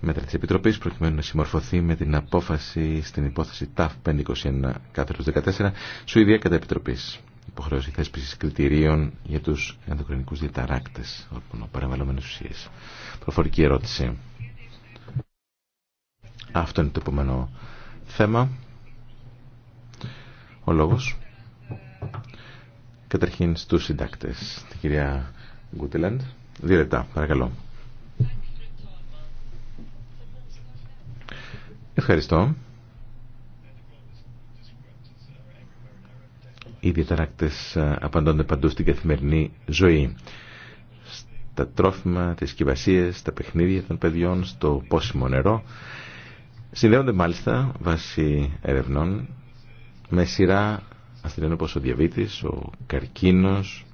μέτρα της Επιτροπής προκειμένου να συμμορφωθεί με την απόφαση στην υπόθεση ΤΑΦ 521 14 Σουηδία κατά Επιτροπής. Υποχρέωση θέσπισης κριτηρίων για τους ενδοκρινικούς διαταράκτες, παρεμβαλλόμενες ουσίες. Προφορική ερώτηση. Αυτό είναι το επόμενο θέμα. Ο λόγος. Καταρχήν στους συντάκτες. Την κυρία Γκούτελαντ. Δύο λεπτά, παρακαλώ. Ευχαριστώ. Οι διαταράκτες ε, απαντώνται παντού στην καθημερινή ζωή. Στα τρόφιμα, τις σκευασίες, τα παιχνίδια των παιδιών, στο πόσιμο νερό. Συνδέονται μάλιστα, βάσει ερευνών, με σειρά ασθενών όπως ο διαβήτης, ο καρκίνος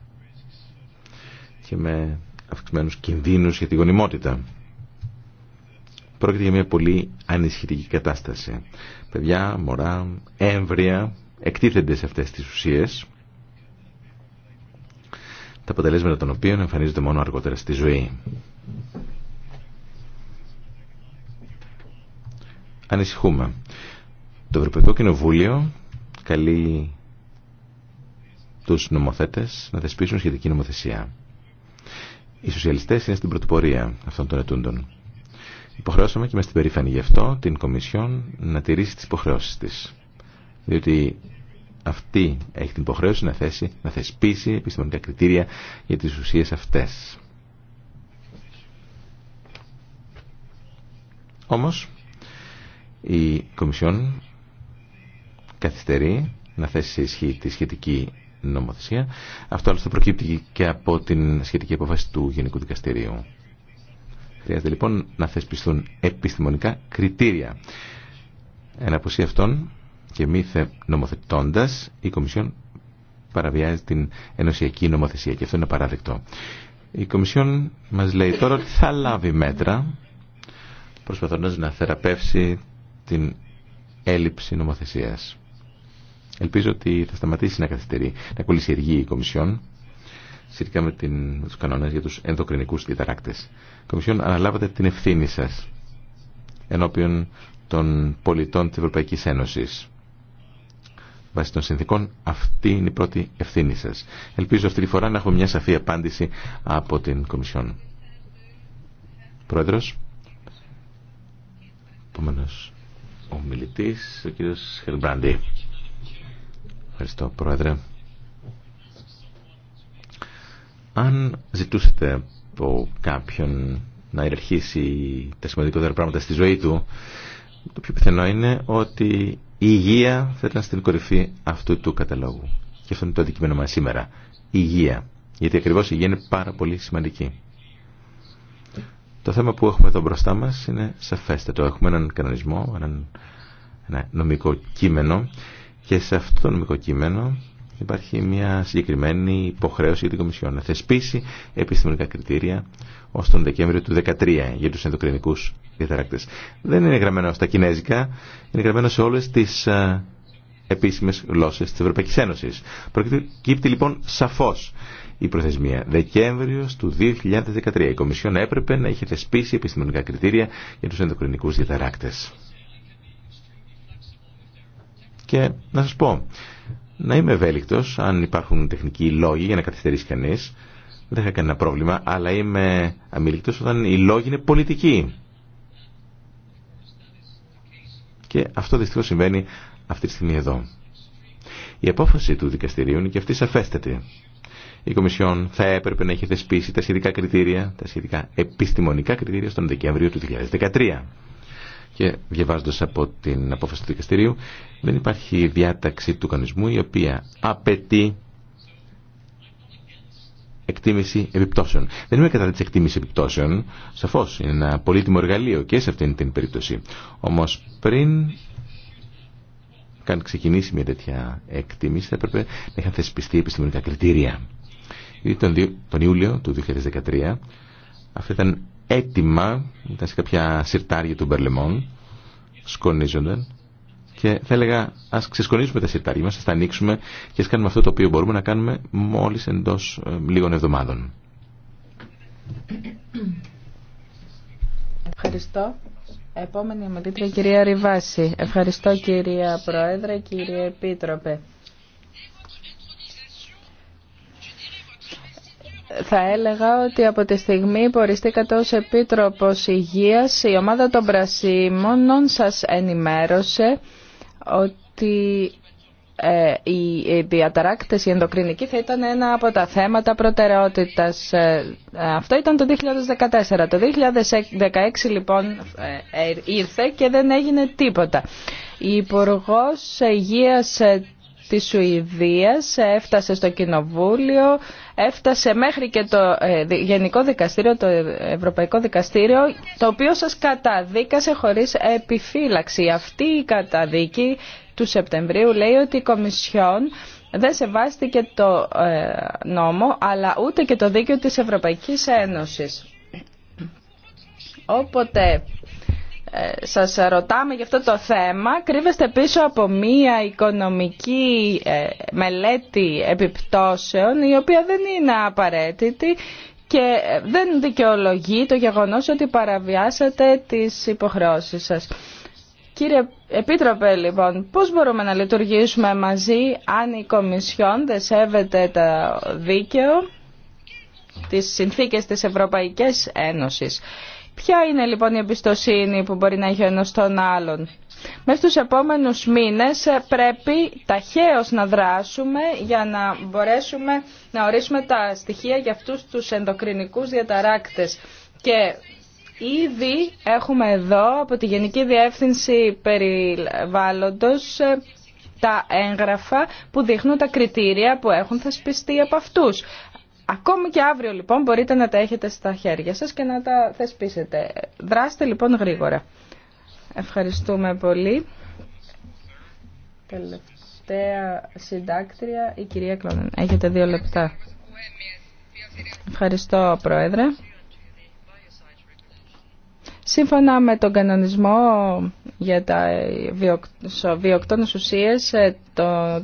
και με αυξημένους κινδύνους για τη γονιμότητα πρόκειται για μια πολύ ανισχυτική κατάσταση. Παιδιά, μωρά, έμβρια εκτίθενται σε αυτές τις ουσίες τα αποτελέσματα των οποίων εμφανίζονται μόνο αργότερα στη ζωή. Ανησυχούμε. Το Ευρωπαϊκό Κοινοβούλιο καλεί τους νομοθέτες να δεσπίσουν σχετική νομοθεσία. Οι σοσιαλιστές είναι στην πρωτοπορία αυτών των ετούντων. Υποχρεώσαμε και είμαστε περήφανοι γι' αυτό την Κομισιόν να τηρήσει τις υποχρεώσεις της. Διότι αυτή έχει την υποχρέωση να, θέσει, να θεσπίσει επιστημονικά κριτήρια για τις ουσίες αυτές. Όμως, η Κομισιόν καθυστερεί να θέσει σε ισχύ τη σχετική νομοθεσία. Αυτό άλλωστε προκύπτει και από την σχετική απόφαση του Γενικού Δικαστηρίου. Χρειάζεται λοιπόν να θεσπιστούν επιστημονικά κριτήρια. Εν απόσία αυτών και μη νομοθετώντα, νομοθετώντας, η Κομισιόν παραβιάζει την ενωσιακή νομοθεσία και αυτό είναι παράδεκτο. Η Κομισιόν μας λέει τώρα ότι θα λάβει μέτρα προσπαθώντας να θεραπεύσει την έλλειψη νομοθεσίας. Ελπίζω ότι θα σταματήσει να καθυστερεί, να κολλησιεργεί η Κομισιόν σχετικά με, την, τους κανόνες για τους ενδοκρινικούς διδαράκτες. Κομισιόν, αναλάβατε την ευθύνη σας ενώπιον των πολιτών της Ευρωπαϊκής Ένωσης. Βάσει των συνθήκων, αυτή είναι η πρώτη ευθύνη σας. Ελπίζω αυτή τη φορά να έχουμε μια σαφή απάντηση από την Κομισιόν. Πρόεδρος, επόμενος ο ο κύριος Χελμπράντη. Ευχαριστώ, Πρόεδρε. Αν ζητούσετε από κάποιον να ιεραρχήσει τα σημαντικότερα πράγματα στη ζωή του, το πιο πιθανό είναι ότι η υγεία θα ήταν στην κορυφή αυτού του καταλόγου. Και αυτό είναι το αντικείμενο μας σήμερα. Η υγεία. Γιατί ακριβώς η υγεία είναι πάρα πολύ σημαντική. Το θέμα που έχουμε εδώ μπροστά μας είναι σαφέστατο. Έχουμε έναν κανονισμό, έναν, ένα νομικό κείμενο και σε αυτό το νομικό κείμενο υπάρχει μια συγκεκριμένη υποχρέωση για την Κομισιόν να θεσπίσει επιστημονικά κριτήρια ω τον Δεκέμβριο του 2013 για του ενδοκρινικού διαταράκτε. Δεν είναι γραμμένο στα κινέζικα, είναι γραμμένο σε όλε τι ε, επίσημε γλώσσε τη Ευρωπαϊκή Ένωση. Προκύπτει λοιπόν σαφώ η προθεσμία. Δεκέμβριο του 2013 η Κομισιόν έπρεπε να είχε θεσπίσει επιστημονικά κριτήρια για του ενδοκρινικού διαταράκτε. Και να σας πω, να είμαι ευέλικτο. Αν υπάρχουν τεχνικοί λόγοι για να καθυστερήσει κανεί, δεν είχα κανένα πρόβλημα, αλλά είμαι αμήλικτο όταν οι λόγοι είναι πολιτικοί. Και αυτό δυστυχώ συμβαίνει αυτή τη στιγμή εδώ. Η απόφαση του δικαστηρίου είναι και αυτή σαφέστατη. Η Κομισιόν θα έπρεπε να έχει θεσπίσει τα σχετικά κριτήρια, τα σχετικά επιστημονικά κριτήρια στον Δεκέμβριο του 2013 και διαβάζοντα από την απόφαση του δικαστηρίου δεν υπάρχει διάταξη του κανονισμού η οποία απαιτεί εκτίμηση επιπτώσεων. Δεν είμαι κατά τη εκτίμηση επιπτώσεων. Σαφώ είναι ένα πολύτιμο εργαλείο και σε αυτήν την περίπτωση. Όμω πριν καν ξεκινήσει μια τέτοια εκτίμηση, θα έπρεπε να είχαν θεσπιστεί επιστημονικά κριτήρια. Ήδη τον, τον Ιούλιο του 2013 αυτή ήταν έτοιμα, ήταν σε κάποια σιρτάρια του Μπερλεμόν, σκονίζονταν και θα έλεγα ας ξεσκονίζουμε τα σιρτάρια μας, ας τα ανοίξουμε και α κάνουμε αυτό το οποίο μπορούμε να κάνουμε μόλις εντός ε, λίγων εβδομάδων. Ευχαριστώ. Επόμενη ομιλήτρια κυρία Ριβάση. Ευχαριστώ κυρία Πρόεδρε, κύριε Επίτροπε. θα έλεγα ότι από τη στιγμή που οριστήκατε ως Επίτροπος Υγείας η ομάδα των Πρασίμων σας ενημέρωσε ότι ε, οι διαταράκτες, οι ενδοκρινικοί θα ήταν ένα από τα θέματα προτεραιότητας. Ε, αυτό ήταν το 2014. Το 2016 λοιπόν ε, ήρθε και δεν έγινε τίποτα. Η υπουργό Υγείας της Σουηδίας έφτασε στο Κοινοβούλιο, έφτασε μέχρι και το ε, Γενικό Δικαστήριο, το Ευρωπαϊκό Δικαστήριο, το οποίο σας καταδίκασε χωρίς επιφύλαξη. Αυτή η καταδίκη του Σεπτεμβρίου λέει ότι η Κομισιόν δεν σεβάστηκε το ε, νόμο, αλλά ούτε και το δίκαιο της Ευρωπαϊκής Ένωσης. Όποτε ε, σας ρωτάμε για αυτό το θέμα κρύβεστε πίσω από μία οικονομική ε, μελέτη επιπτώσεων η οποία δεν είναι απαραίτητη και ε, δεν δικαιολογεί το γεγονός ότι παραβιάσατε τις υποχρεώσεις σας. Κύριε Επίτροπε, λοιπόν, πώς μπορούμε να λειτουργήσουμε μαζί αν η Κομισιόν δεν σέβεται το δίκαιο, τις συνθήκες της Ευρωπαϊκής Ένωσης. Ποια είναι λοιπόν η εμπιστοσύνη που μπορεί να έχει ο τον άλλον. Μέσα στους επόμενους μήνες ε, πρέπει ταχαίως να δράσουμε για να μπορέσουμε να ορίσουμε τα στοιχεία για αυτούς τους ενδοκρινικούς διαταράκτες. Και ήδη έχουμε εδώ από τη Γενική Διεύθυνση Περιβάλλοντος ε, τα έγγραφα που δείχνουν τα κριτήρια που έχουν θεσπιστεί από αυτούς. Ακόμη και αύριο λοιπόν μπορείτε να τα έχετε στα χέρια σας και να τα θεσπίσετε. Δράστε λοιπόν γρήγορα. Ευχαριστούμε πολύ. Τελευταία συντάκτρια, η κυρία Κλόνεν. Έχετε δύο λεπτά. Ευχαριστώ, Πρόεδρε. Σύμφωνα με τον κανονισμό για τα βιοκτόνες ουσίες, ε, το 2013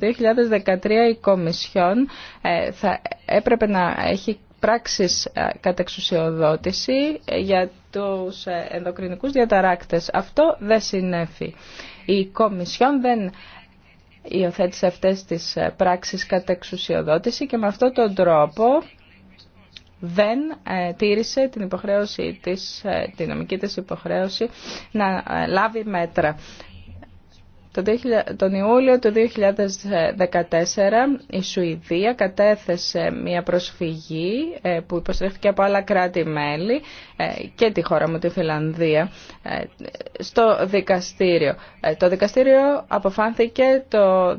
η Κομισιόν ε, θα έπρεπε να έχει πράξεις ε, κατεξουσιοδότηση για τους ενδοκρινικούς διαταράκτες. Αυτό δεν συνέφη. Η Κομισιόν δεν υιοθέτησε αυτές τις πράξεις κατεξουσιοδότηση και με αυτόν τον τρόπο δεν ε, τήρησε την υποχρέωση της, ε, την νομική της υποχρέωση να ε, λάβει μέτρα. Τον Ιούλιο του 2014 η Σουηδία κατέθεσε μια προσφυγή που υποστρέφθηκε από άλλα κράτη-μέλη και τη χώρα μου, τη Φιλανδία, στο δικαστήριο. Το δικαστήριο αποφάνθηκε το 2014,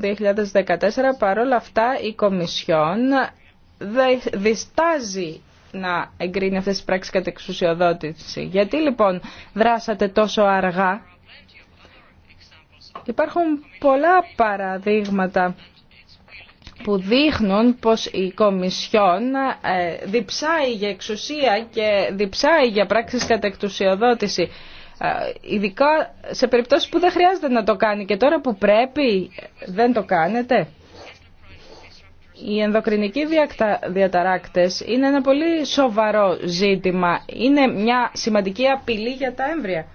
παρόλα αυτά η Κομισιόν διστάζει να εγκρίνει αυτές τις πράξεις κατά εξουσιοδότηση. Γιατί λοιπόν δράσατε τόσο αργά. Υπάρχουν πολλά παραδείγματα που δείχνουν πως η Κομισιόν ε, διψάει για εξουσία και διψάει για πράξεις κατά εξουσιοδότηση. Ε, ειδικά σε περιπτώσεις που δεν χρειάζεται να το κάνει και τώρα που πρέπει δεν το κάνετε. Οι ενδοκρινικοί διαταράκτες είναι ένα πολύ σοβαρό ζήτημα. Είναι μια σημαντική απειλή για τα έμβρια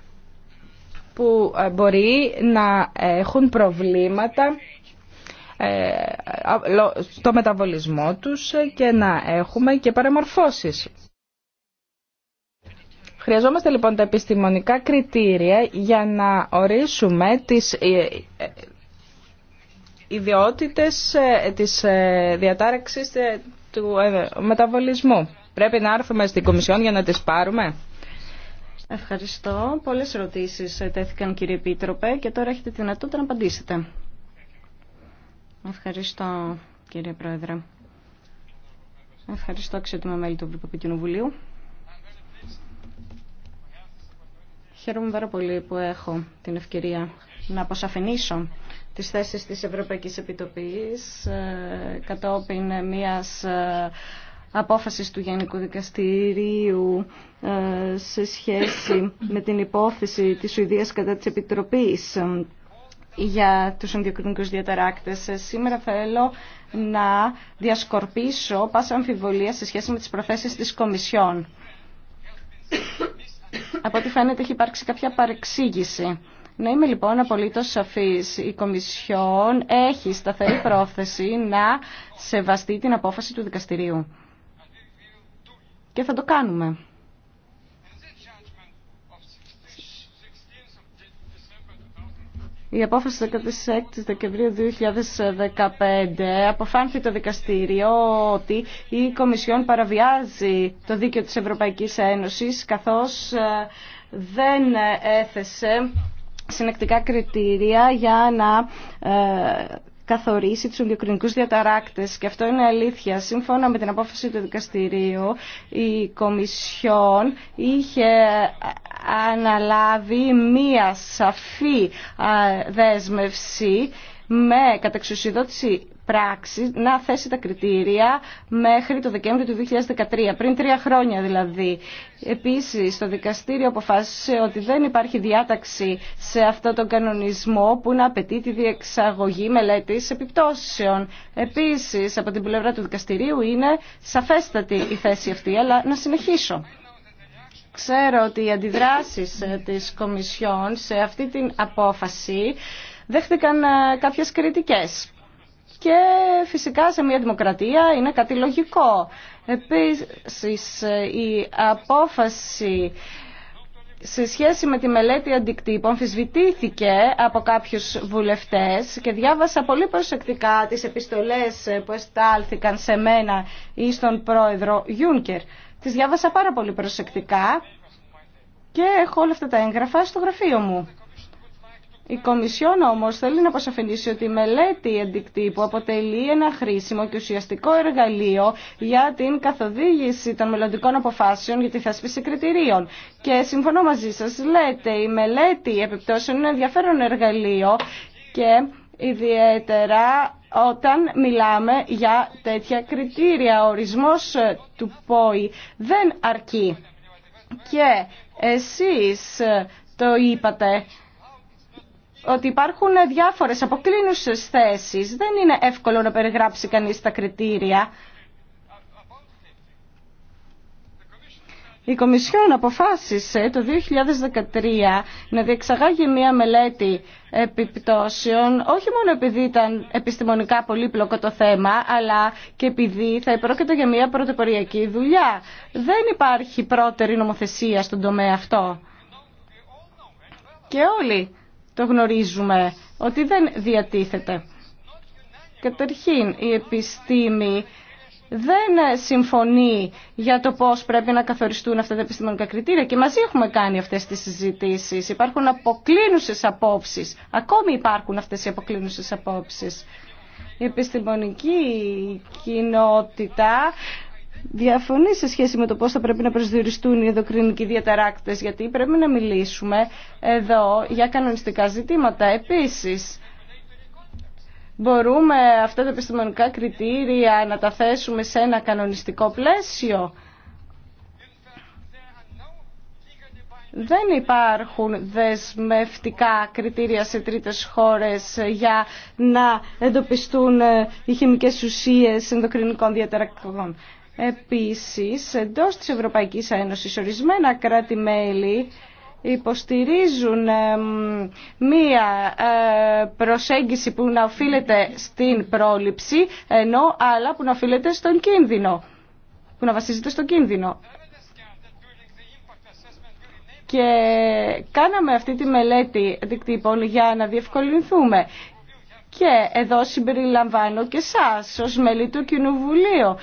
που ε, μπορεί να έχουν προβλήματα ε, στο μεταβολισμό τους ε, και να έχουμε και παραμορφώσεις. Χρειαζόμαστε λοιπόν τα επιστημονικά κριτήρια για να ορίσουμε τις ιδιότητε ε, της ε, διατάραξης ε, του μεταβολισμού. Πρέπει να έρθουμε στην Κομισιόν για να τις πάρουμε. Ευχαριστώ. Πολλές ερωτήσεις τέθηκαν κύριε Επίτροπε και τώρα έχετε τη δυνατότητα να απαντήσετε. Ευχαριστώ κύριε Πρόεδρε. Ευχαριστώ αξιότιμα μέλη του Ευρωπαϊκού Κοινοβουλίου. Χαίρομαι πάρα πολύ που έχω την ευκαιρία να αποσαφηνίσω τις θέσεις της Ευρωπαϊκής Επιτροπής ε, κατόπιν μιας ε, απόφασης του Γενικού Δικαστηρίου ε, σε σχέση με την υπόθεση της Σουηδίας κατά της Επιτροπής για τους ενδιοκρινικούς διαταράκτες. Σήμερα θέλω να διασκορπίσω πάσα αμφιβολία σε σχέση με τις προθέσεις της Κομισιόν. Από ό,τι φαίνεται έχει υπάρξει κάποια παρεξήγηση να είμαι λοιπόν απολύτως σαφής. Η Κομισιόν έχει σταθερή πρόθεση να σεβαστεί την απόφαση του δικαστηρίου. Και θα το κάνουμε. Η απόφαση 16 Δεκεμβρίου 2015 αποφάνθηκε το δικαστήριο ότι η Κομισιόν παραβιάζει το δίκαιο της Ευρωπαϊκής Ένωσης καθώς ε, δεν έθεσε συνεκτικά κριτήρια για να ε, καθορίσει τους ενδοκρινικούς διαταράκτες και αυτό είναι αλήθεια. Σύμφωνα με την απόφαση του δικαστηρίου, η Κομισιόν είχε αναλάβει μία σαφή δέσμευση με κατεξουσιοδότηση πράξη να θέσει τα κριτήρια μέχρι το Δεκέμβριο του 2013, πριν τρία χρόνια δηλαδή. Επίσης, το δικαστήριο αποφάσισε ότι δεν υπάρχει διάταξη σε αυτό τον κανονισμό που να απαιτεί τη διεξαγωγή μελέτης επιπτώσεων. Επίσης, από την πλευρά του δικαστηρίου είναι σαφέστατη η θέση αυτή, αλλά να συνεχίσω. Ξέρω ότι οι αντιδράσεις της Κομισιόν σε αυτή την απόφαση δέχτηκαν ε, κάποιες κριτικές και φυσικά σε μια δημοκρατία είναι κάτι λογικό. Επίσης η απόφαση σε σχέση με τη μελέτη αντικτύπων φυσβητήθηκε από κάποιους βουλευτές και διάβασα πολύ προσεκτικά τις επιστολές που εστάλθηκαν σε μένα ή στον πρόεδρο Γιούνκερ. Τις διάβασα πάρα πολύ προσεκτικά και έχω όλα αυτά τα έγγραφα στο γραφείο μου. Η Κομισιόν όμω θέλει να αποσαφηνίσει ότι η μελέτη αντικτύπου αποτελεί ένα χρήσιμο και ουσιαστικό εργαλείο για την καθοδήγηση των μελλοντικών αποφάσεων για τη θέσπιση κριτηρίων. Και συμφωνώ μαζί σα, λέτε, η μελέτη επιπτώσεων είναι ενδιαφέρον εργαλείο και ιδιαίτερα όταν μιλάμε για τέτοια κριτήρια. Ο ορισμός του ΠΟΗ δεν αρκεί. Και εσείς το είπατε ότι υπάρχουν διάφορες αποκλίνουσες θέσεις. Δεν είναι εύκολο να περιγράψει κανεί τα κριτήρια. Η Κομισιόν αποφάσισε το 2013 να διεξαγάγει μία μελέτη επιπτώσεων, όχι μόνο επειδή ήταν επιστημονικά πολύπλοκο το θέμα, αλλά και επειδή θα υπρόκειται για μία πρωτοποριακή δουλειά. Δεν υπάρχει πρώτερη νομοθεσία στον τομέα αυτό. Και όλοι το γνωρίζουμε ότι δεν διατίθεται. Καταρχήν, η επιστήμη δεν συμφωνεί για το πώς πρέπει να καθοριστούν αυτά τα επιστημονικά κριτήρια και μαζί έχουμε κάνει αυτές τις συζητήσεις. Υπάρχουν αποκλίνουσες απόψεις. Ακόμη υπάρχουν αυτές οι αποκλίνουσες απόψεις. Η επιστημονική κοινότητα διαφωνεί σε σχέση με το πώς θα πρέπει να προσδιοριστούν οι ενδοκρινικοί διαταράκτες, γιατί πρέπει να μιλήσουμε εδώ για κανονιστικά ζητήματα. Επίσης, μπορούμε αυτά τα επιστημονικά κριτήρια να τα θέσουμε σε ένα κανονιστικό πλαίσιο. δεν υπάρχουν δεσμευτικά κριτήρια σε τρίτες χώρες για να εντοπιστούν οι χημικές ουσίες ενδοκρινικών διαταρακτών. Επίσης, εντός της Ευρωπαϊκής Ένωσης, ορισμένα κράτη-μέλη υποστηρίζουν μία ε, προσέγγιση που να οφείλεται στην πρόληψη, ενώ άλλα που να οφείλεται στον κίνδυνο, που να βασίζεται στον κίνδυνο. Και κάναμε αυτή τη μελέτη δικτύπων για να διευκολυνθούμε. Και εδώ συμπεριλαμβάνω και σας ως μέλη του Κοινοβουλίου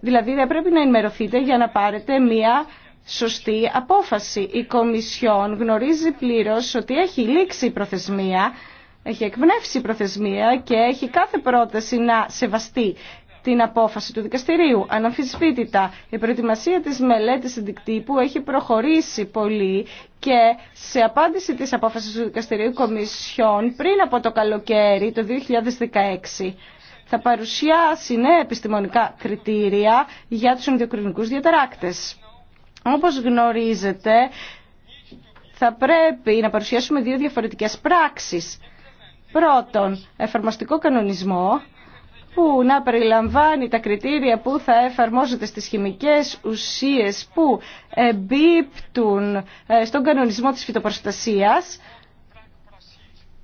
Δηλαδή δεν πρέπει να ενημερωθείτε για να πάρετε μία σωστή απόφαση. Η Κομισιόν γνωρίζει πλήρως ότι έχει λήξει η προθεσμία, έχει εκπνεύσει η προθεσμία και έχει κάθε πρόταση να σεβαστεί την απόφαση του δικαστηρίου. Αναμφισβήτητα, η προετοιμασία της μελέτης συντικτύπου έχει προχωρήσει πολύ και σε απάντηση της απόφασης του δικαστηρίου Κομισιόν πριν από το καλοκαίρι το 2016 θα παρουσιάσει νέα επιστημονικά κριτήρια για τους ενδιοκρινικούς διαταράκτες. Όπως γνωρίζετε, θα πρέπει να παρουσιάσουμε δύο διαφορετικές πράξεις. Πρώτον, εφαρμοστικό κανονισμό που να περιλαμβάνει τα κριτήρια που θα εφαρμόζονται στις χημικές ουσίες που εμπίπτουν ε, στον κανονισμό της φυτοπροστασίας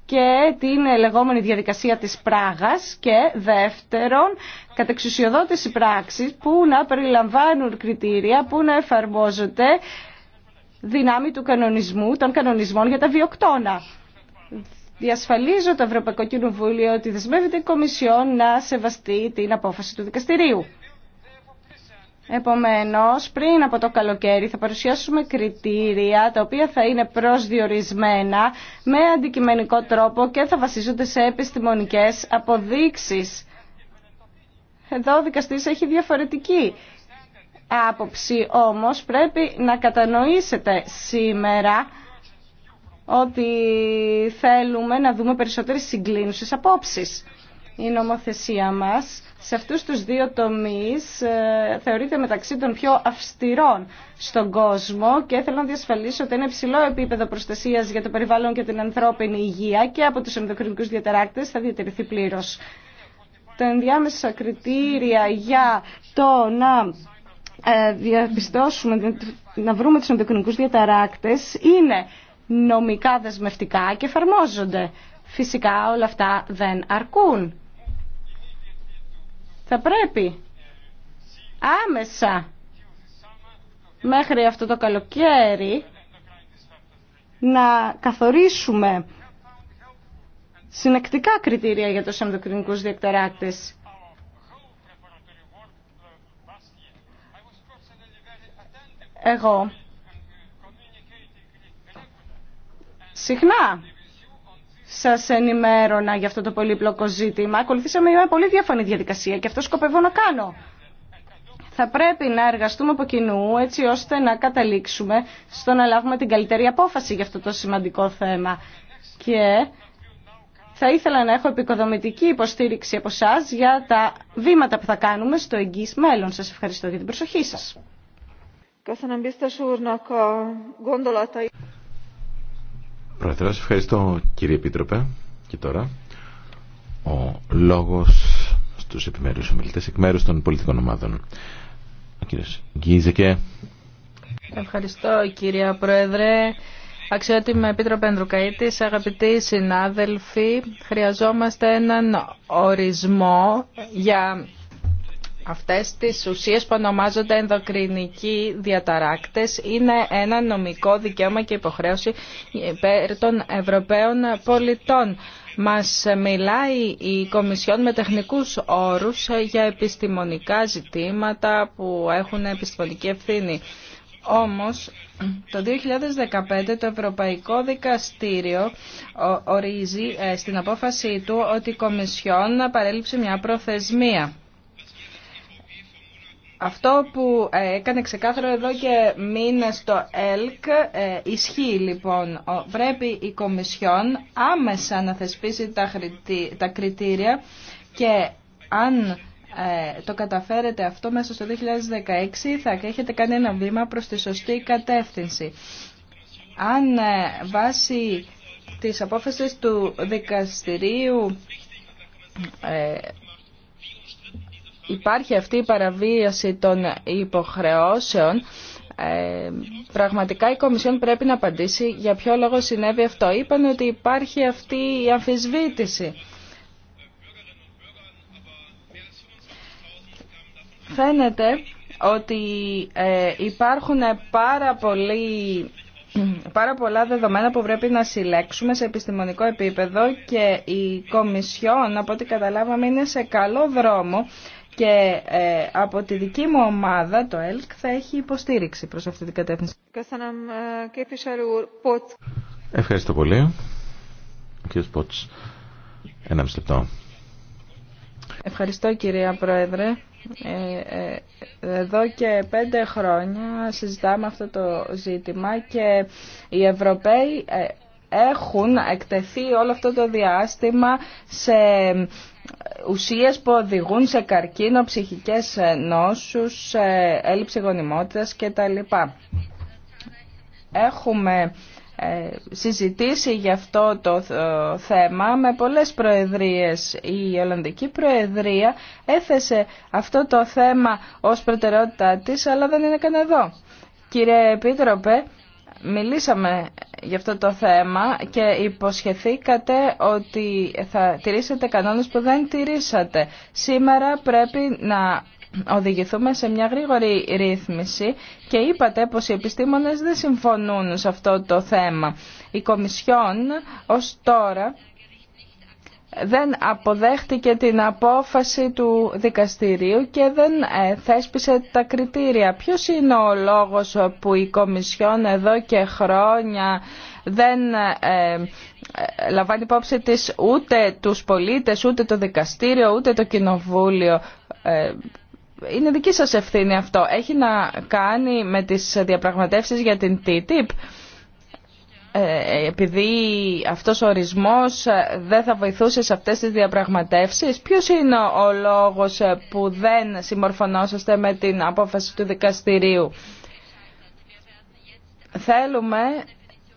και την λεγόμενη διαδικασία της πράγας και δεύτερον κατεξουσιοδότηση πράξης που να περιλαμβάνουν κριτήρια που να εφαρμόζονται δυνάμει του κανονισμού, των κανονισμών για τα βιοκτώνα. Διασφαλίζω το Ευρωπαϊκό Κοινοβούλιο ότι δεσμεύεται η Κομισιόν να σεβαστεί την απόφαση του δικαστηρίου. Επομένως, πριν από το καλοκαίρι θα παρουσιάσουμε κριτήρια τα οποία θα είναι προσδιορισμένα με αντικειμενικό τρόπο και θα βασίζονται σε επιστημονικές αποδείξεις. Εδώ ο δικαστής έχει διαφορετική άποψη όμως πρέπει να κατανοήσετε σήμερα ότι θέλουμε να δούμε περισσότερες συγκλίνουσες απόψεις. Η νομοθεσία μας σε αυτούς τους δύο τομείς ε, θεωρείται μεταξύ των πιο αυστηρών στον κόσμο και θέλω να διασφαλίσω ότι είναι υψηλό επίπεδο προστασίας για το περιβάλλον και την ανθρώπινη υγεία και από τους ενδοκρινικούς διαταράκτες θα διατηρηθεί πλήρως. Τα ενδιάμεσα κριτήρια για το να ε, διαπιστώσουμε, να βρούμε τους ενδοκρινικούς διαταράκτες είναι νομικά δεσμευτικά και εφαρμόζονται. Φυσικά όλα αυτά δεν αρκούν θα πρέπει άμεσα μέχρι αυτό το καλοκαίρι να καθορίσουμε συνεκτικά κριτήρια για τους ενδοκρινικούς διεκτεράκτες. Εγώ συχνά σας ενημέρωνα για αυτό το πολύπλοκο ζήτημα. Ακολουθήσαμε μια πολύ διαφανή διαδικασία και αυτό σκοπεύω να κάνω. Θα πρέπει να εργαστούμε από κοινού έτσι ώστε να καταλήξουμε στο να λάβουμε την καλύτερη απόφαση για αυτό το σημαντικό θέμα. Και θα ήθελα να έχω επικοδομητική υποστήριξη από εσά για τα βήματα που θα κάνουμε στο εγγύ μέλλον. Σα ευχαριστώ για την προσοχή σα. Πρόεδρε, ευχαριστώ κύριε Επίτροπε. Και τώρα ο λόγος στου επιμέρου ομιλητές εκ μέρους των πολιτικών ομάδων. Ο κύριος Γκίζεκε. Ευχαριστώ κύριε Πρόεδρε. Αξιότιμη Επίτροπε Ανδρουκαίτη, αγαπητοί συνάδελφοι, χρειαζόμαστε έναν ορισμό για Αυτές τις ουσίες που ονομάζονται ενδοκρινικοί διαταράκτες είναι ένα νομικό δικαίωμα και υποχρέωση υπέρ των Ευρωπαίων πολιτών. Μας μιλάει η Κομισιόν με τεχνικούς όρους για επιστημονικά ζητήματα που έχουν επιστημονική ευθύνη. Όμως, το 2015 το Ευρωπαϊκό Δικαστήριο ορίζει ε, στην απόφασή του ότι η Κομισιόν παρέλειψε μια προθεσμία. Αυτό που ε, έκανε ξεκάθαρο εδώ και μήνες το ΕΛΚ ε, ισχύει λοιπόν. Πρέπει η Κομισιόν άμεσα να θεσπίσει τα κριτήρια και αν ε, το καταφέρετε αυτό μέσα στο 2016 θα έχετε κάνει ένα βήμα προς τη σωστή κατεύθυνση. Αν βάσει της απόφασης του δικαστηρίου υπάρχει αυτή η παραβίαση των υποχρεώσεων, ε, πραγματικά η Κομισιόν πρέπει να απαντήσει για ποιο λόγο συνέβη αυτό. Είπαν ότι υπάρχει αυτή η αμφισβήτηση. Φαίνεται ότι ε, υπάρχουν πάρα, πάρα πολλά δεδομένα που πρέπει να συλλέξουμε σε επιστημονικό επίπεδο και η Κομισιόν, από ό,τι καταλάβαμε, είναι σε καλό δρόμο και ε, από τη δική μου ομάδα, το ΕΛΚ, θα έχει υποστήριξη προς αυτή την κατεύθυνση. Ε, Ευχαριστώ πολύ. Ο Πότς, ένα Ευχαριστώ κυρία Πρόεδρε. Ε, εδώ και πέντε χρόνια συζητάμε αυτό το ζήτημα και οι Ευρωπαίοι έχουν εκτεθεί όλο αυτό το διάστημα σε ουσίες που οδηγούν σε καρκίνο, ψυχικές ε, νόσους, ε, έλλειψη γονιμότητας κτλ. Έχουμε ε, συζητήσει γι' αυτό το θέμα με πολλές προεδρίες. Η Ολλανδική Προεδρία έθεσε αυτό το θέμα ως προτεραιότητα της, αλλά δεν είναι καν εδώ. Κύριε Επίτροπε, μιλήσαμε για αυτό το θέμα και υποσχεθήκατε ότι θα τηρήσετε κανόνες που δεν τηρήσατε. Σήμερα πρέπει να οδηγηθούμε σε μια γρήγορη ρύθμιση και είπατε πως οι επιστήμονες δεν συμφωνούν σε αυτό το θέμα. Η Κομισιόν ως τώρα δεν αποδέχτηκε την απόφαση του δικαστηρίου και δεν ε, θέσπισε τα κριτήρια. Ποιος είναι ο λόγος που η Κομισιόν εδώ και χρόνια δεν ε, ε, λαμβάνει υπόψη της ούτε τους πολίτες, ούτε το δικαστήριο, ούτε το κοινοβούλιο. Είναι δική σας ευθύνη αυτό. Έχει να κάνει με τις διαπραγματεύσεις για την TTIP. Ε, επειδή αυτός ο ορισμός ε, δεν θα βοηθούσε σε αυτές τις διαπραγματεύσεις. Ποιος είναι ο λόγος ε, που δεν συμμορφωνόσαστε με την απόφαση του δικαστηρίου. Θέλουμε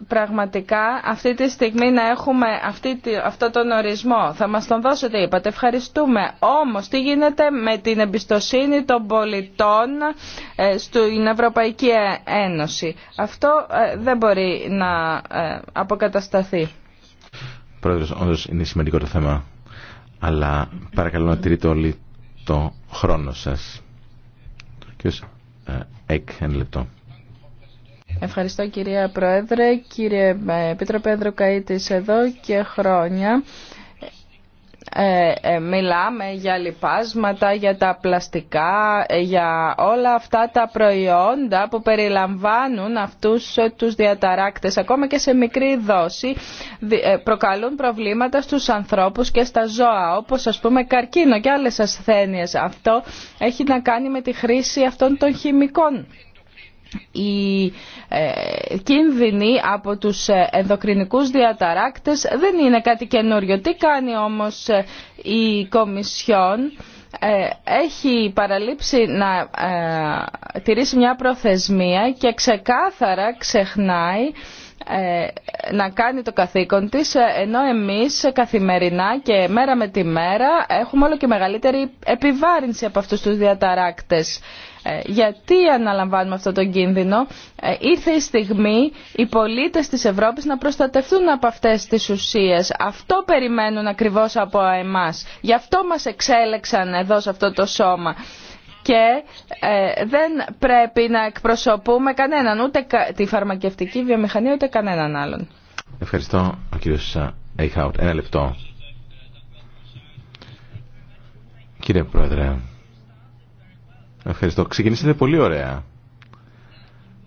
πραγματικά αυτή τη στιγμή να έχουμε αυτή, αυτό τον ορισμό. Θα μας τον δώσετε, είπατε. Ευχαριστούμε. Όμως, τι γίνεται με την εμπιστοσύνη των πολιτών ε, στην Ευρωπαϊκή ε, Ένωση. Αυτό ε, δεν μπορεί να αποκατασταθεί. Πρόεδρος, όντως είναι σημαντικό το θέμα. Αλλά παρακαλώ να τηρείτε όλοι το χρόνο σας. ε, εκ, λεπτό. Ευχαριστώ κυρία Πρόεδρε, κύριε ε, Πίτρο Πέδρο Καΐτης εδώ και χρόνια. Ε, ε μιλάμε για λιπάσματα, για τα πλαστικά, ε, για όλα αυτά τα προϊόντα που περιλαμβάνουν αυτούς τους διαταράκτες. Ακόμα και σε μικρή δόση προκαλούν προβλήματα στους ανθρώπους και στα ζώα, όπως ας πούμε καρκίνο και άλλες ασθένειες. Αυτό έχει να κάνει με τη χρήση αυτών των χημικών οι ε, κίνδυνοι από τους ε, ενδοκρινικούς διαταράκτες δεν είναι κάτι καινούριο. Τι κάνει όμως ε, η Κομισιόν έχει παραλείψει να τηρήσει μια προθεσμία και ξεκάθαρα ξεχνάει να κάνει το καθήκον της ενώ εμείς καθημερινά και μέρα με τη μέρα έχουμε όλο και μεγαλύτερη επιβάρυνση από αυτούς τους διαταράκτες. Ε, γιατί αναλαμβάνουμε αυτό τον κίνδυνο. Ε, ήρθε η στιγμή οι πολίτες της Ευρώπης να προστατευτούν από αυτές τις ουσίες. Αυτό περιμένουν ακριβώς από εμάς. Γι' αυτό μας εξέλεξαν εδώ σε αυτό το σώμα και ε, δεν πρέπει να εκπροσωπούμε κανέναν, ούτε τη φαρμακευτική βιομηχανία, ούτε κανέναν άλλον. Ευχαριστώ, ο κύριος Ένα λεπτό. Κύριε Πρόεδρε, Ευχαριστώ. Ξεκινήσατε πολύ ωραία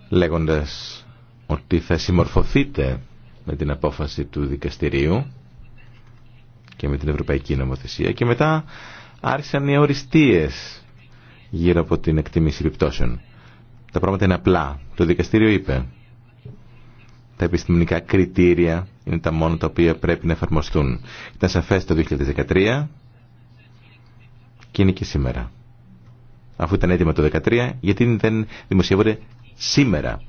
λέγοντας ότι θα συμμορφωθείτε με την απόφαση του δικαστηρίου και με την Ευρωπαϊκή Νομοθεσία και μετά άρχισαν οι οριστείες γύρω από την εκτίμηση επιπτώσεων. Τα πράγματα είναι απλά. Το δικαστήριο είπε τα επιστημονικά κριτήρια είναι τα μόνα τα οποία πρέπει να εφαρμοστούν. Ήταν σαφές το 2013 και είναι και σήμερα αφού ήταν έτοιμα το 2013, γιατί δεν δημοσιεύονται σήμερα.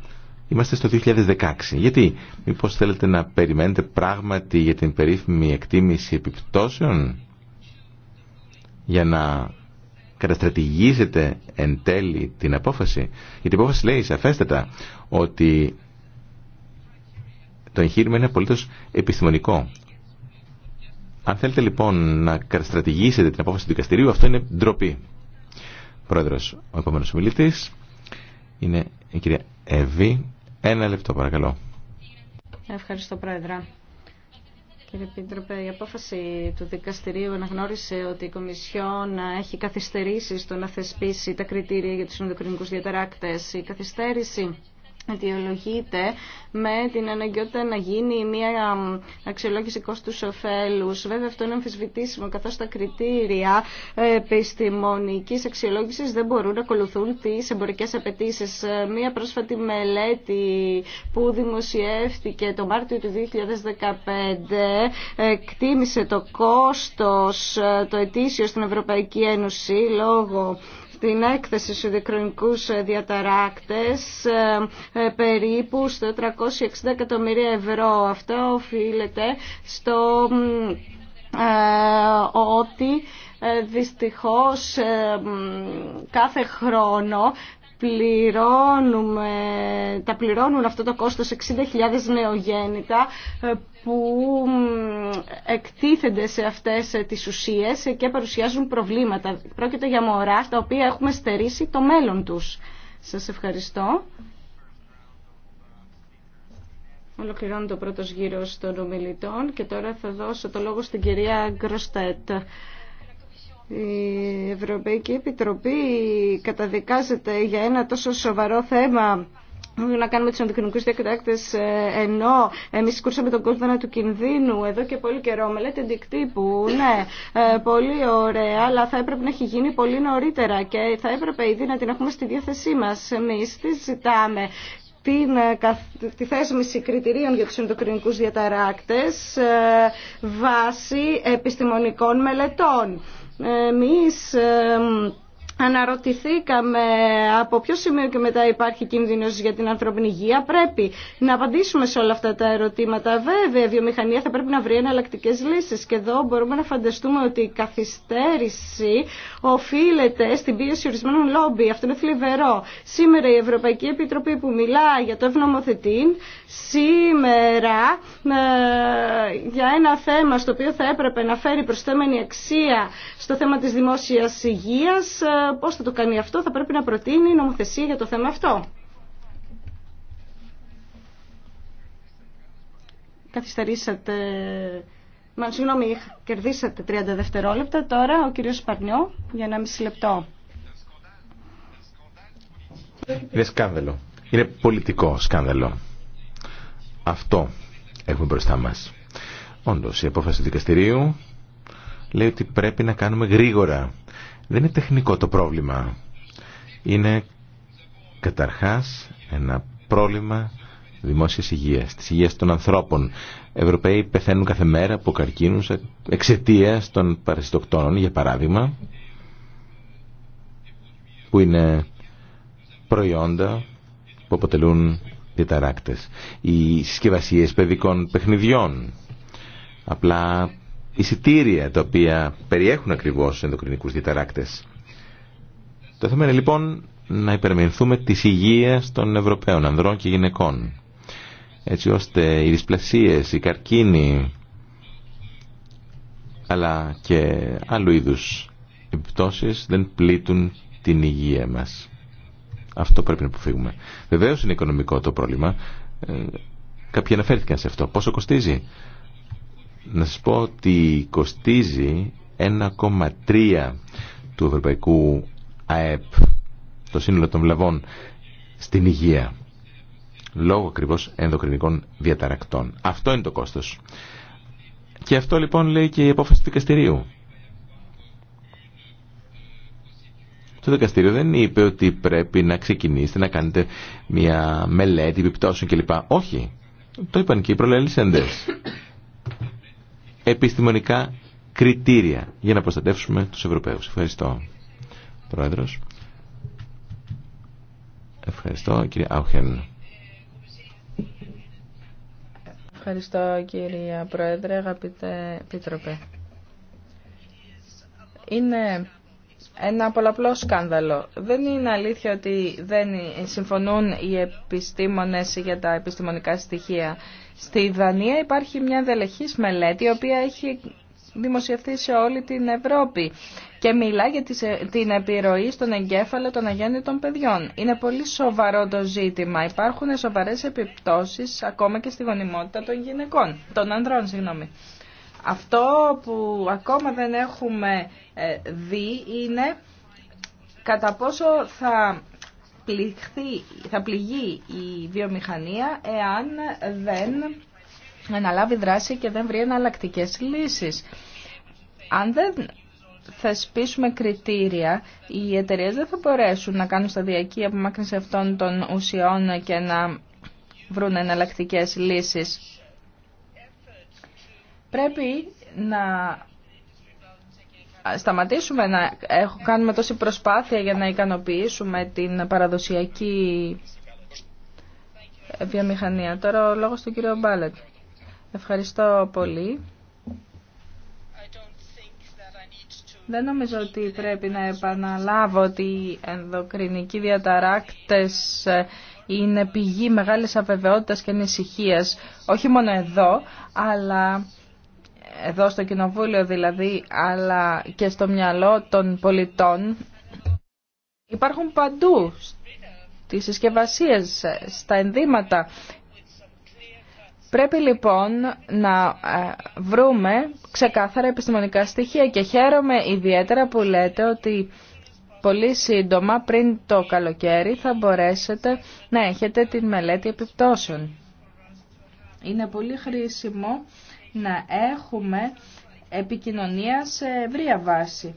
Είμαστε στο 2016. Γιατί, μήπως θέλετε να περιμένετε πράγματι για την περίφημη εκτίμηση επιπτώσεων για να καταστρατηγήσετε εν τέλει την απόφαση. Γιατί η απόφαση λέει σαφέστατα ότι το εγχείρημα είναι απολύτως επιστημονικό. Αν θέλετε λοιπόν να καταστρατηγήσετε την απόφαση του δικαστηρίου, αυτό είναι ντροπή. Πρόεδρος, ο επόμενος ομιλητής είναι η κυρία Εύη. Ένα λεπτό παρακαλώ. Ευχαριστώ Πρόεδρα. Κύριε Πίτροπε, η απόφαση του δικαστηρίου αναγνώρισε ότι η Κομισιόν έχει καθυστερήσει στο να θεσπίσει τα κριτήρια για τους ενδοκρινικούς διαταράκτες. Η καθυστέρηση αιτιολογείται με την αναγκαιότητα να γίνει μια αξιολόγηση κόστους ωφέλους. Βέβαια αυτό είναι αμφισβητήσιμο καθώς τα κριτήρια επιστημονικής αξιολόγησης δεν μπορούν να ακολουθούν τις εμπορικές απαιτήσει. Μια πρόσφατη μελέτη που δημοσιεύτηκε το Μάρτιο του 2015 εκτίμησε το κόστος το ετήσιο στην Ευρωπαϊκή Ένωση λόγω στην έκθεση στους δικρονικούς διαταράκτες ε, ε, περίπου στο 360 εκατομμύρια ευρώ. Αυτό οφείλεται στο ε, ότι δυστυχώς κάθε χρόνο πληρώνουμε, τα πληρώνουν αυτό το κόστος 60.000 νεογέννητα ε, που εκτίθενται σε αυτές ε, τις ουσίες ε, και παρουσιάζουν προβλήματα. Πρόκειται για μωρά τα οποία έχουμε στερήσει το μέλλον τους. Σας ευχαριστώ. Ολοκληρώνω το πρώτος γύρος των ομιλητών και τώρα θα δώσω το λόγο στην κυρία Γκροστέτ. Η Ευρωπαϊκή Επιτροπή καταδικάζεται για ένα τόσο σοβαρό θέμα να κάνουμε του αντικοινωνικού διακτάκτε ε, ενώ εμείς κούρσαμε τον κόσμο του κινδύνου εδώ και πολύ καιρό. λέτε αντικτύπου, ναι, ε, πολύ ωραία, αλλά θα έπρεπε να έχει γίνει πολύ νωρίτερα και θα έπρεπε ήδη να την έχουμε στη διάθεσή μας. Εμείς τι ζητάμε την, ε, τη θέσμηση κριτηρίων για τους ενδοκρινικούς διαταράκτες βάσει επιστημονικών μελετών. Εμείς Αναρωτηθήκαμε από ποιο σημείο και μετά υπάρχει κίνδυνος για την ανθρώπινη υγεία. Πρέπει να απαντήσουμε σε όλα αυτά τα ερωτήματα. Βέβαια, η βιομηχανία θα πρέπει να βρει εναλλακτικέ λύσεις και εδώ μπορούμε να φανταστούμε ότι η καθυστέρηση οφείλεται στην πίεση ορισμένων λόμπι. Αυτό είναι θλιβερό. Σήμερα η Ευρωπαϊκή Επιτροπή που μιλά για το ευνομοθετήν, σήμερα ε, για ένα θέμα στο οποίο θα έπρεπε να φέρει προσθέμενη αξία στο θέμα της δημόσιας υγείας, ε, πώς θα το κάνει αυτό θα πρέπει να προτείνει νομοθεσία για το θέμα αυτό. Καθυστερήσατε, μα, συγγνώμη, κερδίσατε 30 δευτερόλεπτα. Τώρα ο κύριος Σπαρνιό για μισή λεπτό. Είναι σκάνδαλο. Είναι πολιτικό σκάνδαλο. Αυτό έχουμε μπροστά μας. Όντως, η απόφαση του δικαστηρίου λέει ότι πρέπει να κάνουμε γρήγορα δεν είναι τεχνικό το πρόβλημα. Είναι καταρχάς ένα πρόβλημα δημόσιας υγείας, της υγείας των ανθρώπων. Ευρωπαίοι πεθαίνουν κάθε μέρα από καρκίνους εξαιτία των παρασιτοκτόνων, για παράδειγμα, που είναι προϊόντα που αποτελούν διαταράκτες. Οι συσκευασίες παιδικών παιχνιδιών, απλά εισιτήρια τα οποία περιέχουν ακριβώς ενδοκρινικούς διαταράκτες. Το θέμα είναι λοιπόν να υπερμενθούμε τη υγείας των Ευρωπαίων, ανδρών και γυναικών. Έτσι ώστε οι δυσπλασίες, οι καρκίνοι, αλλά και άλλου είδους επιπτώσεις δεν πλήττουν την υγεία μας. Αυτό πρέπει να αποφύγουμε. Βεβαίως είναι οικονομικό το πρόβλημα. Ε, κάποιοι αναφέρθηκαν σε αυτό. Πόσο κοστίζει. Να σας πω ότι κοστίζει 1,3 του ευρωπαϊκού ΑΕΠ, το σύνολο των βλαβών, στην υγεία. Λόγω ακριβώ ενδοκρινικών διαταρακτών. Αυτό είναι το κόστος. Και αυτό λοιπόν λέει και η απόφαση του δικαστηρίου. Το δικαστήριο δεν είπε ότι πρέπει να ξεκινήσετε να κάνετε μια μελέτη επιπτώσεων κλπ. Όχι. Το είπαν και οι προλαλήσεντες επιστημονικά κριτήρια για να προστατεύσουμε τους Ευρωπαίους. Ευχαριστώ, Πρόεδρος. Ευχαριστώ, κύριε Άουχεν. Ευχαριστώ, κύριε Πρόεδρε, αγαπητέ πίτροπε. Είναι ένα πολλαπλό σκάνδαλο. Δεν είναι αλήθεια ότι δεν συμφωνούν οι επιστήμονες για τα επιστημονικά στοιχεία. Στη Δανία υπάρχει μια δελεχής μελέτη, η οποία έχει δημοσιευθεί σε όλη την Ευρώπη και μιλά για ε, την επιρροή στον εγκέφαλο των αγέννητων παιδιών. Είναι πολύ σοβαρό το ζήτημα. Υπάρχουν σοβαρές επιπτώσεις ακόμα και στη γονιμότητα των γυναικών, των ανδρών, συγγνώμη. Αυτό που ακόμα δεν έχουμε ε, δει είναι κατά πόσο θα, πληχθεί, θα πληγεί η βιομηχανία εάν δεν αναλάβει δράση και δεν βρει εναλλακτικέ λύσεις. Αν δεν θεσπίσουμε κριτήρια, οι εταιρείε δεν θα μπορέσουν να κάνουν σταδιακή απομάκρυνση αυτών των ουσιών και να βρουν εναλλακτικέ λύσεις. Πρέπει να σταματήσουμε να κάνουμε τόση προσπάθεια για να ικανοποιήσουμε την παραδοσιακή βιομηχανία. Τώρα ο λόγος του κύριο Μπάλετ. Ευχαριστώ πολύ. Δεν νομίζω ότι πρέπει να επαναλάβω ότι οι ενδοκρινικοί διαταράκτες ε, είναι πηγή μεγάλης αβεβαιότητας και ανησυχία, όχι μόνο εδώ, αλλά εδώ στο Κοινοβούλιο δηλαδή, αλλά και στο μυαλό των πολιτών, υπάρχουν παντού τις συσκευασίες, στα ενδύματα. Πρέπει λοιπόν να ε, βρούμε ξεκάθαρα επιστημονικά στοιχεία και χαίρομαι ιδιαίτερα που λέτε ότι πολύ σύντομα πριν το καλοκαίρι θα μπορέσετε να έχετε την μελέτη επιπτώσεων. Είναι πολύ χρήσιμο να έχουμε επικοινωνία σε ευρία βάση.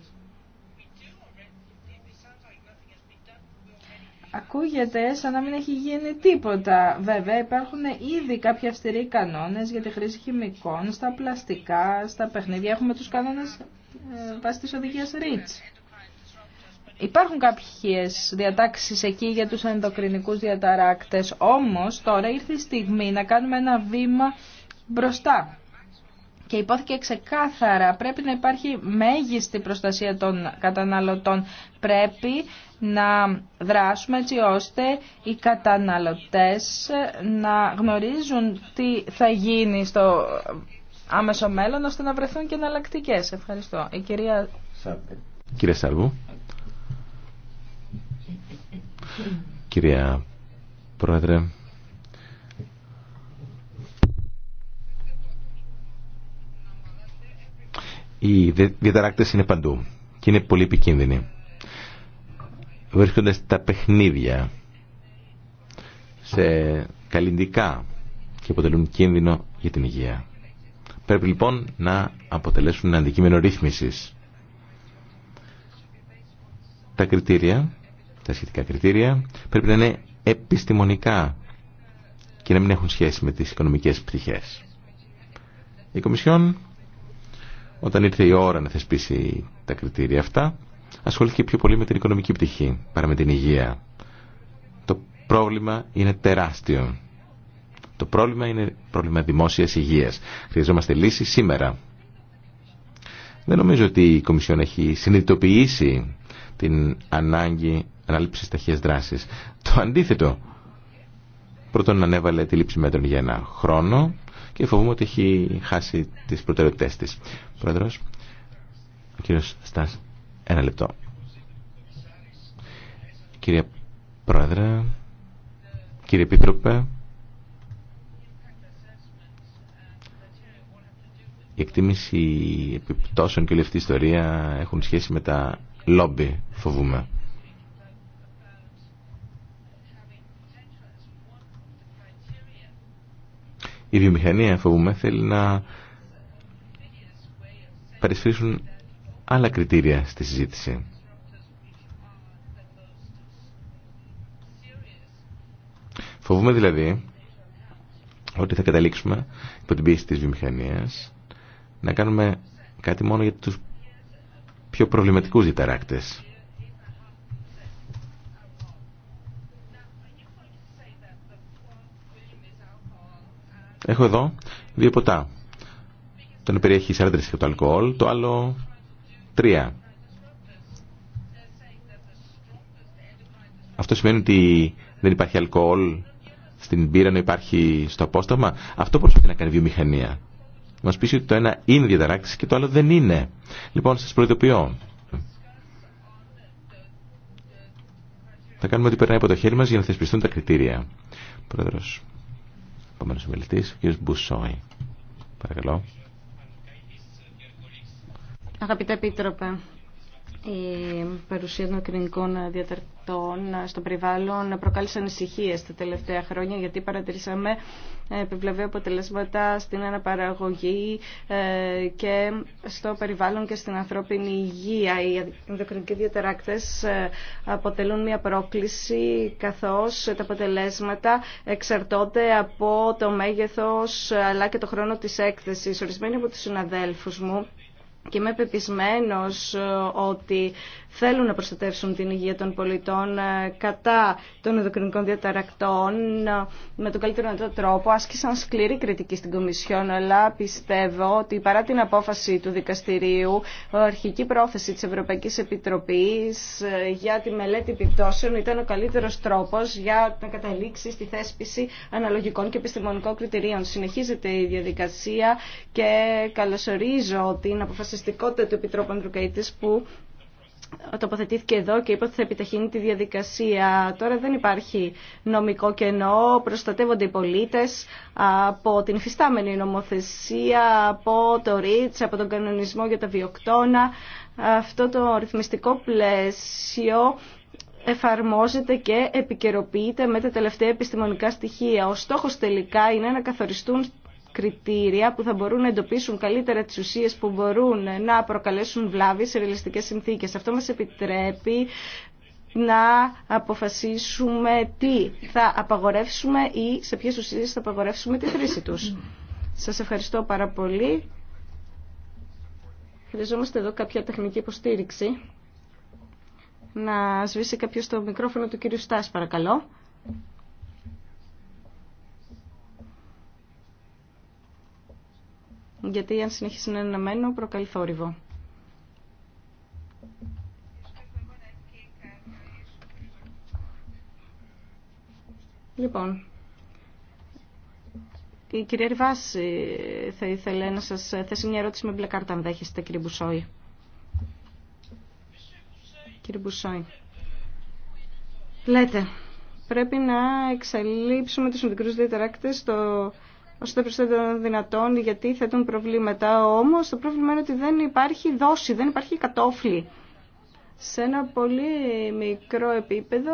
Ακούγεται σαν να μην έχει γίνει τίποτα. Βέβαια υπάρχουν ήδη κάποιοι αυστηροί κανόνες για τη χρήση χημικών, στα πλαστικά, στα παιχνίδια. Έχουμε τους κανόνες ε, βάσει της οδηγίας REACH. Υπάρχουν κάποιες διατάξεις εκεί για τους ενδοκρινικούς διαταράκτες, όμως τώρα ήρθε η στιγμή να κάνουμε ένα βήμα μπροστά και υπόθηκε ξεκάθαρα πρέπει να υπάρχει μέγιστη προστασία των καταναλωτών. Πρέπει να δράσουμε έτσι ώστε οι καταναλωτές να γνωρίζουν τι θα γίνει στο άμεσο μέλλον ώστε να βρεθούν και εναλλακτικέ. Ευχαριστώ. Η κυρία... Κύριε Σαρβού. Κυρία Πρόεδρε, οι διαταράκτες είναι παντού και είναι πολύ επικίνδυνοι. Βρίσκονται στα παιχνίδια, σε καλλιντικά και αποτελούν κίνδυνο για την υγεία. Πρέπει λοιπόν να αποτελέσουν ένα αντικείμενο ρύθμισης. Τα κριτήρια, τα σχετικά κριτήρια, πρέπει να είναι επιστημονικά και να μην έχουν σχέση με τις οικονομικές πτυχές. Η Κομισιόν όταν ήρθε η ώρα να θεσπίσει τα κριτήρια αυτά, ασχολήθηκε πιο πολύ με την οικονομική πτυχή παρά με την υγεία. Το πρόβλημα είναι τεράστιο. Το πρόβλημα είναι πρόβλημα δημόσιας υγείας. Χρειαζόμαστε λύση σήμερα. Δεν νομίζω ότι η Κομισιόν έχει συνειδητοποιήσει την ανάγκη ανάληψης ταχείας δράσης. Το αντίθετο. Πρώτον ανέβαλε τη λήψη μέτρων για ένα χρόνο, και φοβούμαι ότι έχει χάσει τι προτεραιότητε της. Πρόεδρο, ο κύριο Στά, ένα λεπτό. Κύριε Πρόεδρε, κύριε Επίτροπε, η εκτίμηση επιπτώσεων και όλη αυτή η ιστορία έχουν σχέση με τα λόμπι, φοβούμαι. η βιομηχανία φοβούμε θέλει να παρισφρήσουν άλλα κριτήρια στη συζήτηση. Φοβούμε δηλαδή ότι θα καταλήξουμε υπό την πίεση της βιομηχανίας να κάνουμε κάτι μόνο για τους πιο προβληματικούς διταράκτες. Έχω εδώ δύο ποτά. Το ένα περιέχει 40% το αλκοόλ, το άλλο 3. Αυτό σημαίνει ότι δεν υπάρχει αλκοόλ στην πύρα, να υπάρχει στο απόσταμα. Αυτό προσπαθεί να κάνει βιομηχανία. Μα πείσει ότι το ένα είναι διαταράξη και το άλλο δεν είναι. Λοιπόν, σα προειδοποιώ. Θα κάνουμε ό,τι περνάει από το χέρι μα για να θεσπιστούν τα κριτήρια. Πρόεδρος. Επόμενος ομιλητής, ο κ. Μπουσόη. Παρακαλώ. Αγαπητέ πίτροπε η παρουσία των κρινικών διαταρτών στο περιβάλλον προκάλεσε ανησυχίε τα τελευταία χρόνια γιατί παρατηρήσαμε επιβλαβή αποτελέσματα στην αναπαραγωγή ε, και στο περιβάλλον και στην ανθρώπινη υγεία. Οι ενδοκρινικοί διαταράκτες ε, αποτελούν μια πρόκληση καθώς τα αποτελέσματα εξαρτώνται από το μέγεθος αλλά και το χρόνο της έκθεσης. Ορισμένοι από τους συναδέλφους μου και είμαι πεπισμένος ε, ότι θέλουν να προστατεύσουν την υγεία των πολιτών ε, κατά των ειδοκρινικών διαταρακτών ε, με τον καλύτερο τρόπο. Άσκησαν σκληρή κριτική στην Κομισιόν, αλλά πιστεύω ότι παρά την απόφαση του δικαστηρίου, η αρχική πρόθεση της Ευρωπαϊκής Επιτροπής ε, για τη μελέτη επιπτώσεων ήταν ο καλύτερος τρόπος για να καταλήξει στη θέσπιση αναλογικών και επιστημονικών κριτηρίων. Συνεχίζεται η διαδικασία και καλωσορίζω την αποφασιστικότητα του Επιτρόπου Ανδρουκαϊτής που τοποθετήθηκε εδώ και είπε ότι θα επιταχύνει τη διαδικασία. Τώρα δεν υπάρχει νομικό κενό, προστατεύονται οι πολίτες από την φυστάμενη νομοθεσία, από το ΡΙΤΣ, από τον κανονισμό για τα βιοκτώνα. Αυτό το ρυθμιστικό πλαίσιο εφαρμόζεται και επικαιροποιείται με τα τελευταία επιστημονικά στοιχεία. Ο στόχος τελικά είναι να καθοριστούν κριτήρια που θα μπορούν να εντοπίσουν καλύτερα τι ουσίε που μπορούν να προκαλέσουν βλάβη σε ρεαλιστικές συνθήκες. Αυτό μας επιτρέπει να αποφασίσουμε τι θα απαγορεύσουμε ή σε ποιες ουσίες θα απαγορεύσουμε τη χρήση τους. Σας ευχαριστώ πάρα πολύ. Χρειαζόμαστε εδώ κάποια τεχνική υποστήριξη. Να σβήσει κάποιος το μικρόφωνο του κύριου Στάς, παρακαλώ. γιατί αν συνεχίσει να είναι ενωμένο προκαλεί θόρυβο. Λοιπόν, η κυρία Ριβάση θα ήθελε να σας θέσει μια ερώτηση με μπλε κάρτα, αν δέχεστε, κύριε Μπουσόη. Κύριε Μπουσόη, λέτε, πρέπει να εξαλείψουμε τους μικρούς διαταράκτες στο όσο το περισσότερο δυνατόν γιατί θέτουν προβλήματα. όμω το πρόβλημα είναι ότι δεν υπάρχει δόση, δεν υπάρχει κατόφλι. Σε ένα πολύ μικρό επίπεδο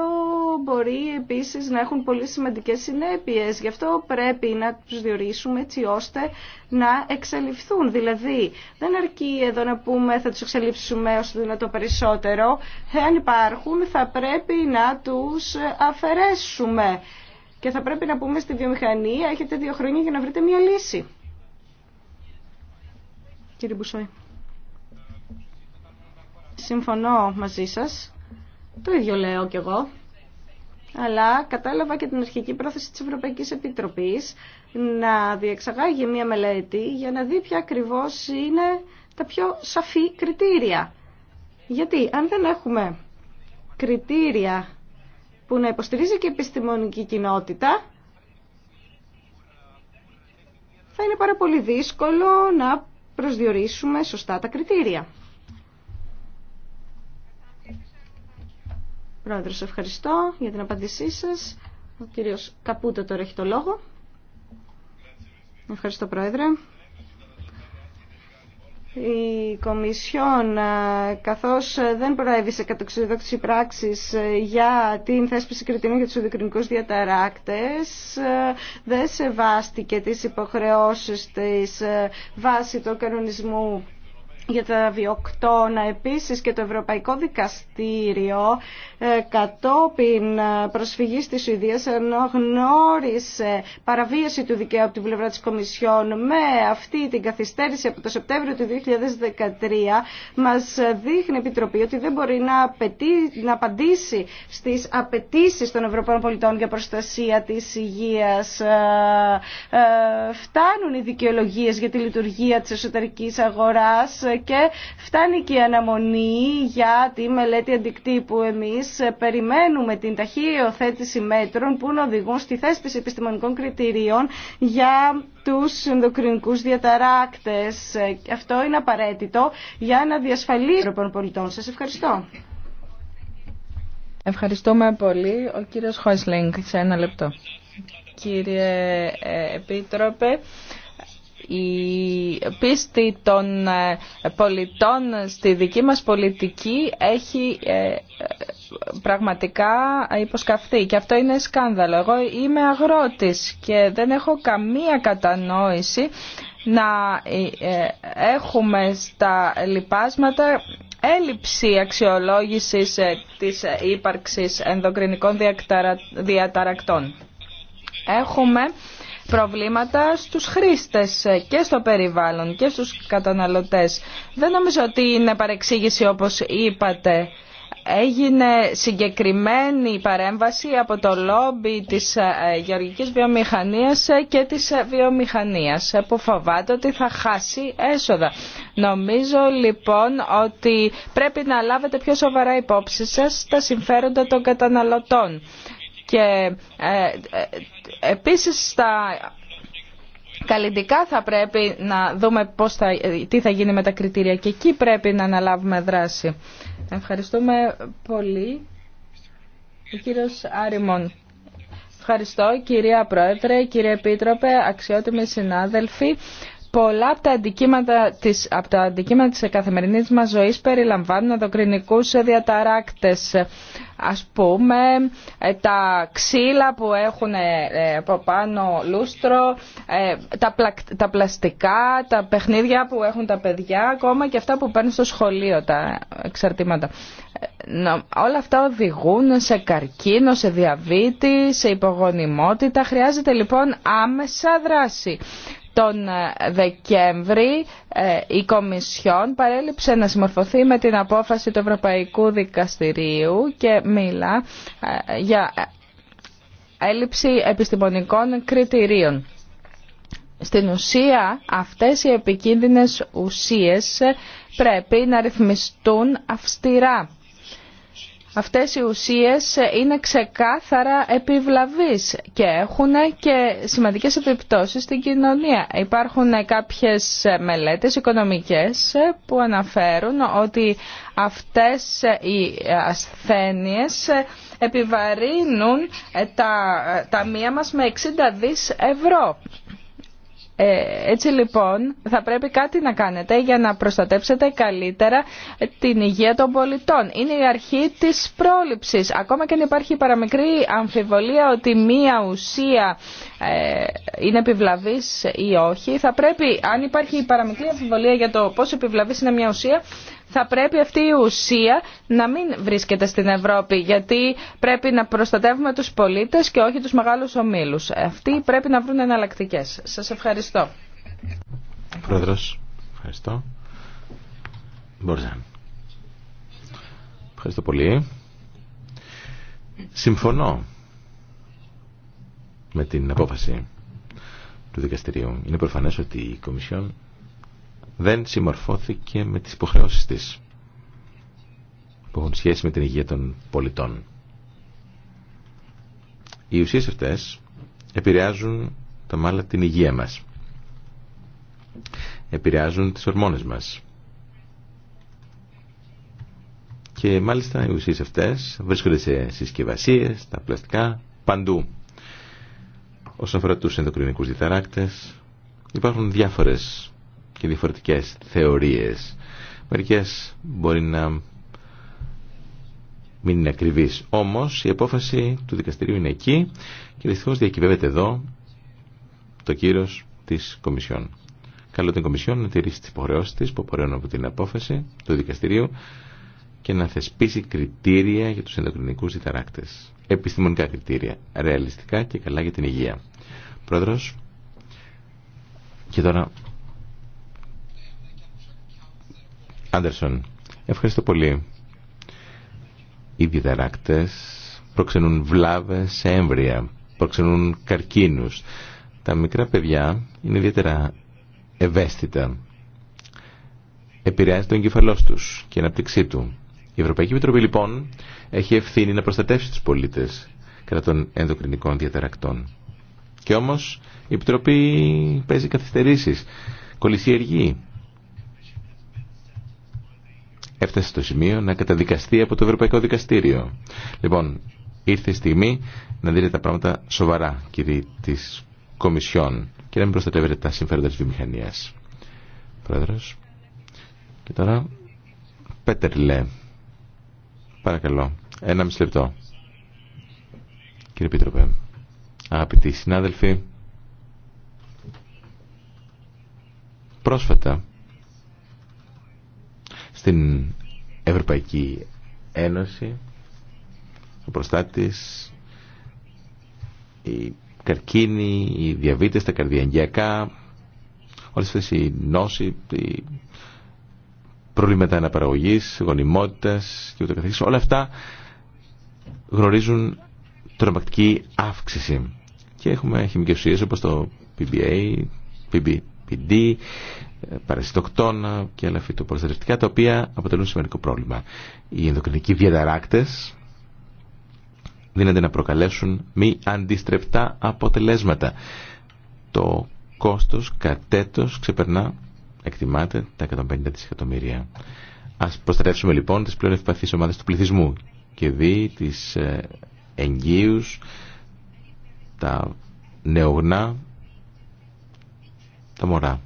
μπορεί επίσης να έχουν πολύ σημαντικές συνέπειες. Γι' αυτό πρέπει να τους διορίσουμε έτσι ώστε να εξελιχθούν. Δηλαδή δεν αρκεί εδώ να πούμε θα τους εξελίψουμε όσο δυνατό περισσότερο. Εάν υπάρχουν θα πρέπει να τους αφαιρέσουμε. Και θα πρέπει να πούμε στη βιομηχανία, έχετε δύο χρόνια για να βρείτε μια λύση. Κύριε Μπουσόη. Συμφωνώ μαζί σας. Το ίδιο λέω κι εγώ. Αλλά κατάλαβα και την αρχική πρόθεση της Ευρωπαϊκής Επιτροπής να διεξαγάγει μια μελέτη για να δει ποια ακριβώς είναι τα πιο σαφή κριτήρια. Γιατί αν δεν έχουμε κριτήρια που να υποστηρίζει και η επιστημονική κοινότητα, θα είναι πάρα πολύ δύσκολο να προσδιορίσουμε σωστά τα κριτήρια. Πρόεδρος, ευχαριστώ για την απάντησή σας. Ο κύριος Καπούτο τώρα έχει το λόγο. Ευχαριστώ, Πρόεδρε η Κομισιόν ε, καθώς ε, δεν προέβησε κατοξιδόξη πράξης ε, για την θέσπιση κριτηρίων για τους οδικρινικούς διαταράκτες δεν σεβάστηκε τις υποχρεώσεις της βάσει του κανονισμού για τα βιοκτώνα επίσης και το Ευρωπαϊκό Δικαστήριο ε, κατόπιν ε, προσφυγής της Σουηδίας ενώ γνώρισε παραβίαση του δικαίου από την πλευρά της Κομισιόν με αυτή την καθυστέρηση από το Σεπτέμβριο του 2013 μας δείχνει η Επιτροπή ότι δεν μπορεί να, απαιτεί, να απαντήσει στις απαιτήσεις των Ευρωπαίων πολιτών για προστασία της υγείας. Ε, φτάνουν οι δικαιολογίες για τη λειτουργία της εσωτερικής αγοράς και φτάνει και η αναμονή για τη μελέτη αντικτύπου. Εμείς περιμένουμε την ταχύη υιοθέτηση μέτρων που να οδηγούν στη θέσπιση επιστημονικών κριτηρίων για τους ενδοκρινικούς διαταράκτες. Αυτό είναι απαραίτητο για να διασφαλίσει των πολιτών. Σας ευχαριστώ. Ευχαριστούμε πολύ. Ο κύριος Χόισλινγκ, σε ένα λεπτό. Κύριε ε, Επίτροπε, η πίστη των ε, πολιτών στη δική μας πολιτική έχει ε, πραγματικά υποσκαφθεί και αυτό είναι σκάνδαλο. Εγώ είμαι αγρότης και δεν έχω καμία κατανόηση να ε, έχουμε στα λοιπάσματα έλλειψη αξιολόγησης της ύπαρξης ενδοκρινικών διαταρακτών. Έχουμε προβλήματα στους χρήστες και στο περιβάλλον και στους καταναλωτές. Δεν νομίζω ότι είναι παρεξήγηση όπως είπατε. Έγινε συγκεκριμένη παρέμβαση από το λόμπι της ε, γεωργικής βιομηχανίας και της βιομηχανίας ε, που φοβάται ότι θα χάσει έσοδα. Νομίζω λοιπόν ότι πρέπει να λάβετε πιο σοβαρά υπόψη σας τα συμφέροντα των καταναλωτών και ε, ε, επίσης στα καλλιντικά θα πρέπει να δούμε πώς θα, τι θα γίνει με τα κριτήρια και εκεί πρέπει να αναλάβουμε δράση. Ευχαριστούμε πολύ. κύριος Άρημον. Ευχαριστώ κυρία Πρόεδρε, κύριε Επίτροπε, αξιότιμοι συνάδελφοι. Πολλά από τα αντικείμενα της, από τα αντικείμενα της καθημερινής μας ζωής περιλαμβάνουν ενδοκρινικούς διαταράκτες ας πούμε ε, τα ξύλα που έχουν ε, ε, από πάνω λούστρο, τα, τα πλαστικά, τα παιχνίδια που έχουν τα παιδιά, ακόμα και αυτά που παίρνουν στο σχολείο τα εξαρτήματα. Όλα αυτά οδηγούν σε καρκίνο, σε διαβήτη, σε υπογονιμότητα. Χρειάζεται λοιπόν άμεσα δράση. Τον ε, Δεκέμβρη ε, η Κομισιόν παρέλειψε να συμμορφωθεί με την απόφαση του Ευρωπαϊκού Δικαστηρίου και μίλα ε, για έλλειψη επιστημονικών κριτηρίων. Στην ουσία αυτές οι επικίνδυνες ουσίες πρέπει να ρυθμιστούν αυστηρά Αυτές οι ουσίες είναι ξεκάθαρα επιβλαβείς και έχουν και σημαντικές επιπτώσεις στην κοινωνία. Υπάρχουν κάποιες μελέτες οικονομικές που αναφέρουν ότι αυτές οι ασθένειες επιβαρύνουν τα ταμεία μας με 60 δις ευρώ. Ε, έτσι λοιπόν θα πρέπει κάτι να κάνετε για να προστατέψετε καλύτερα την υγεία των πολιτών. Είναι η αρχή της πρόληψης. Ακόμα και αν υπάρχει παραμικρή αμφιβολία ότι μία ουσία ε, είναι επιβλαβής ή όχι, θα πρέπει αν υπάρχει παραμικρή αμφιβολία για το πόσο επιβλαβής είναι μία ουσία, θα πρέπει αυτή η ουσία να μην βρίσκεται στην Ευρώπη γιατί πρέπει να προστατεύουμε τους πολίτες και όχι τους μεγάλους ομίλους. Αυτοί πρέπει να βρουν εναλλακτικέ. Σας ευχαριστώ. Πρόεδρος, ευχαριστώ. Μπορζάν. Ευχαριστώ πολύ. Συμφωνώ με την απόφαση του δικαστηρίου. Είναι προφανές ότι η Κομισιόν δεν συμμορφώθηκε με τις υποχρεώσεις της που έχουν σχέση με την υγεία των πολιτών. Οι ουσίες αυτές επηρεάζουν τα μάλλα την υγεία μας. Επηρεάζουν τις ορμόνες μας. Και μάλιστα οι ουσίες αυτές βρίσκονται σε συσκευασίες, τα πλαστικά, παντού. Όσον αφορά τους ενδοκρινικούς διθαράκτες υπάρχουν διάφορες και διαφορετικές θεωρίες. Μερικές μπορεί να μην είναι ακριβής. Όμως η απόφαση του δικαστηρίου είναι εκεί και δυστυχώς διακυβεύεται εδώ το κύρος της Κομισιόν. Καλό την Κομισιόν να τηρήσει τις υποχρεώσεις της που απορρέουν από την απόφαση του δικαστηρίου και να θεσπίσει κριτήρια για τους ενδοκρινικούς διταράκτες. Επιστημονικά κριτήρια, ρεαλιστικά και καλά για την υγεία. Πρόεδρος, και τώρα Άντερσον, ευχαριστώ πολύ. Οι διδαράκτες προξενούν βλάβες έμβρια, προξενούν καρκίνους. Τα μικρά παιδιά είναι ιδιαίτερα ευαίσθητα. Επηρεάζει τον εγκεφαλός τους και η αναπτυξή του. Η Ευρωπαϊκή Επιτροπή λοιπόν έχει ευθύνη να προστατεύσει τους πολίτες κατά των ενδοκρινικών διαταρακτών. Και όμως η Επιτροπή παίζει καθυστερήσεις, κολυσιεργεί έφτασε στο σημείο να καταδικαστεί από το Ευρωπαϊκό Δικαστήριο. Λοιπόν, ήρθε η στιγμή να δείτε τα πράγματα σοβαρά, κύριοι τη Κομισιόν, και να μην προστατεύετε τα συμφέροντα τη βιομηχανία. Πρόεδρο. Και τώρα, Πέτερλε. Παρακαλώ, ένα μισή λεπτό. Κύριε Πίτροπε, αγαπητοί συνάδελφοι, πρόσφατα στην Ευρωπαϊκή Ένωση ο προστάτης η καρκίνη, οι διαβήτες, τα καρδιαγγειακά όλες αυτές οι νόσοι οι προβλήματα αναπαραγωγής, γονιμότητας και όλα αυτά γνωρίζουν τρομακτική αύξηση και έχουμε χημικές ουσίες όπως το PBA, PB, PD, ε, παρασιτοκτόνα και άλλα φυτοπροστατευτικά τα οποία αποτελούν σημαντικό πρόβλημα. Οι ενδοκρινικοί διαταράκτες δίνονται να προκαλέσουν μη αντιστρεπτά αποτελέσματα. Το κόστος κατέτος ξεπερνά, εκτιμάται, τα 150 δισεκατομμύρια. Ας προστατεύσουμε λοιπόν τις πλέον ευπαθείς ομάδες του πληθυσμού και δει τις ε, εγγύους, τα νεογνά τα μωρά.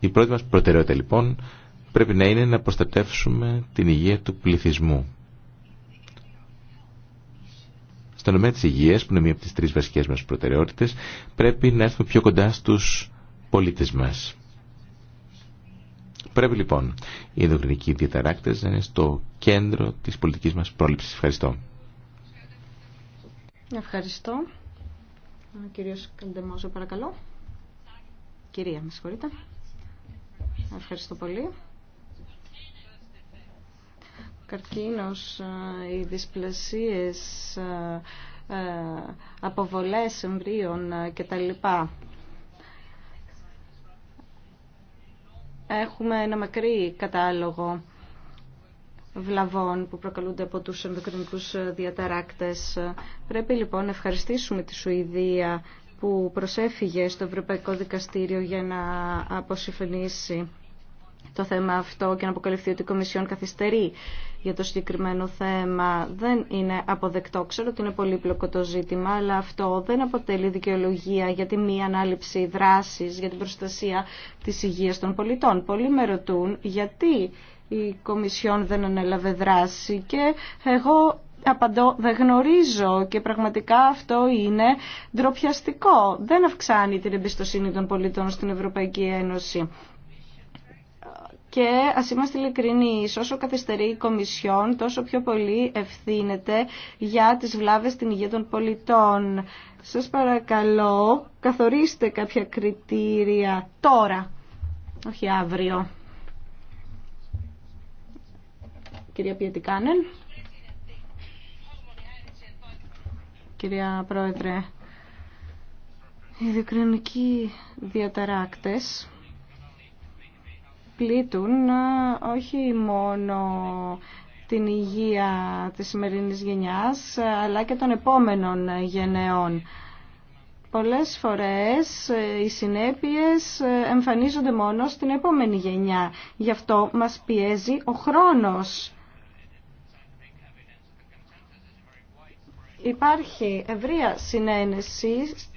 Η πρώτη μας προτεραιότητα λοιπόν πρέπει να είναι να προστατεύσουμε την υγεία του πληθυσμού. Στον τομέα της υγείας, που είναι μία από τις τρεις βασικές μας προτεραιότητες, πρέπει να έρθουμε πιο κοντά στους πολίτες μας. Πρέπει λοιπόν οι ενδοκρινικοί διαταράκτες να είναι στο κέντρο της πολιτικής μας πρόληψης. Ευχαριστώ. Ευχαριστώ. Ο κύριος Καλντεμόζο, παρακαλώ. Κυρία, με συγχωρείτε. Ευχαριστώ πολύ. Καρκίνος, ε, οι δυσπλασίες, ε, ε, αποβολές εμβρίων κτλ. Έχουμε ένα μακρύ κατάλογο βλαβών που προκαλούνται από τους ενδοκρινικούς διαταράκτες. Πρέπει λοιπόν να ευχαριστήσουμε τη Σουηδία που προσέφυγε στο Ευρωπαϊκό Δικαστήριο για να αποσυφενήσει το θέμα αυτό και να αποκαλυφθεί ότι η Κομισιόν καθυστερεί για το συγκεκριμένο θέμα δεν είναι αποδεκτό. Ξέρω ότι είναι πολύπλοκο το ζήτημα, αλλά αυτό δεν αποτελεί δικαιολογία για τη μη ανάληψη δράσης για την προστασία της υγείας των πολιτών. Πολλοί με ρωτούν γιατί η Κομισιόν δεν ανέλαβε δράση και εγώ απαντώ δεν γνωρίζω και πραγματικά αυτό είναι ντροπιαστικό. Δεν αυξάνει την εμπιστοσύνη των πολιτών στην Ευρωπαϊκή Ένωση. Και α είμαστε ειλικρινεί, όσο καθυστερεί η Κομισιόν, τόσο πιο πολύ ευθύνεται για τι βλάβε στην υγεία των πολιτών. Σα παρακαλώ, καθορίστε κάποια κριτήρια τώρα, όχι αύριο. Κυρία Πιετικάνεν. Κυρία Πρόεδρε, οι διοκρινικοί διαταράκτες πλήττουν ε, όχι μόνο την υγεία της σημερινής γενιάς, ε, αλλά και των επόμενων γενεών. Πολλές φορές ε, οι συνέπειες εμφανίζονται μόνο στην επόμενη γενιά. Γι' αυτό μας πιέζει ο χρόνος. Υπάρχει ευρεία συνένεση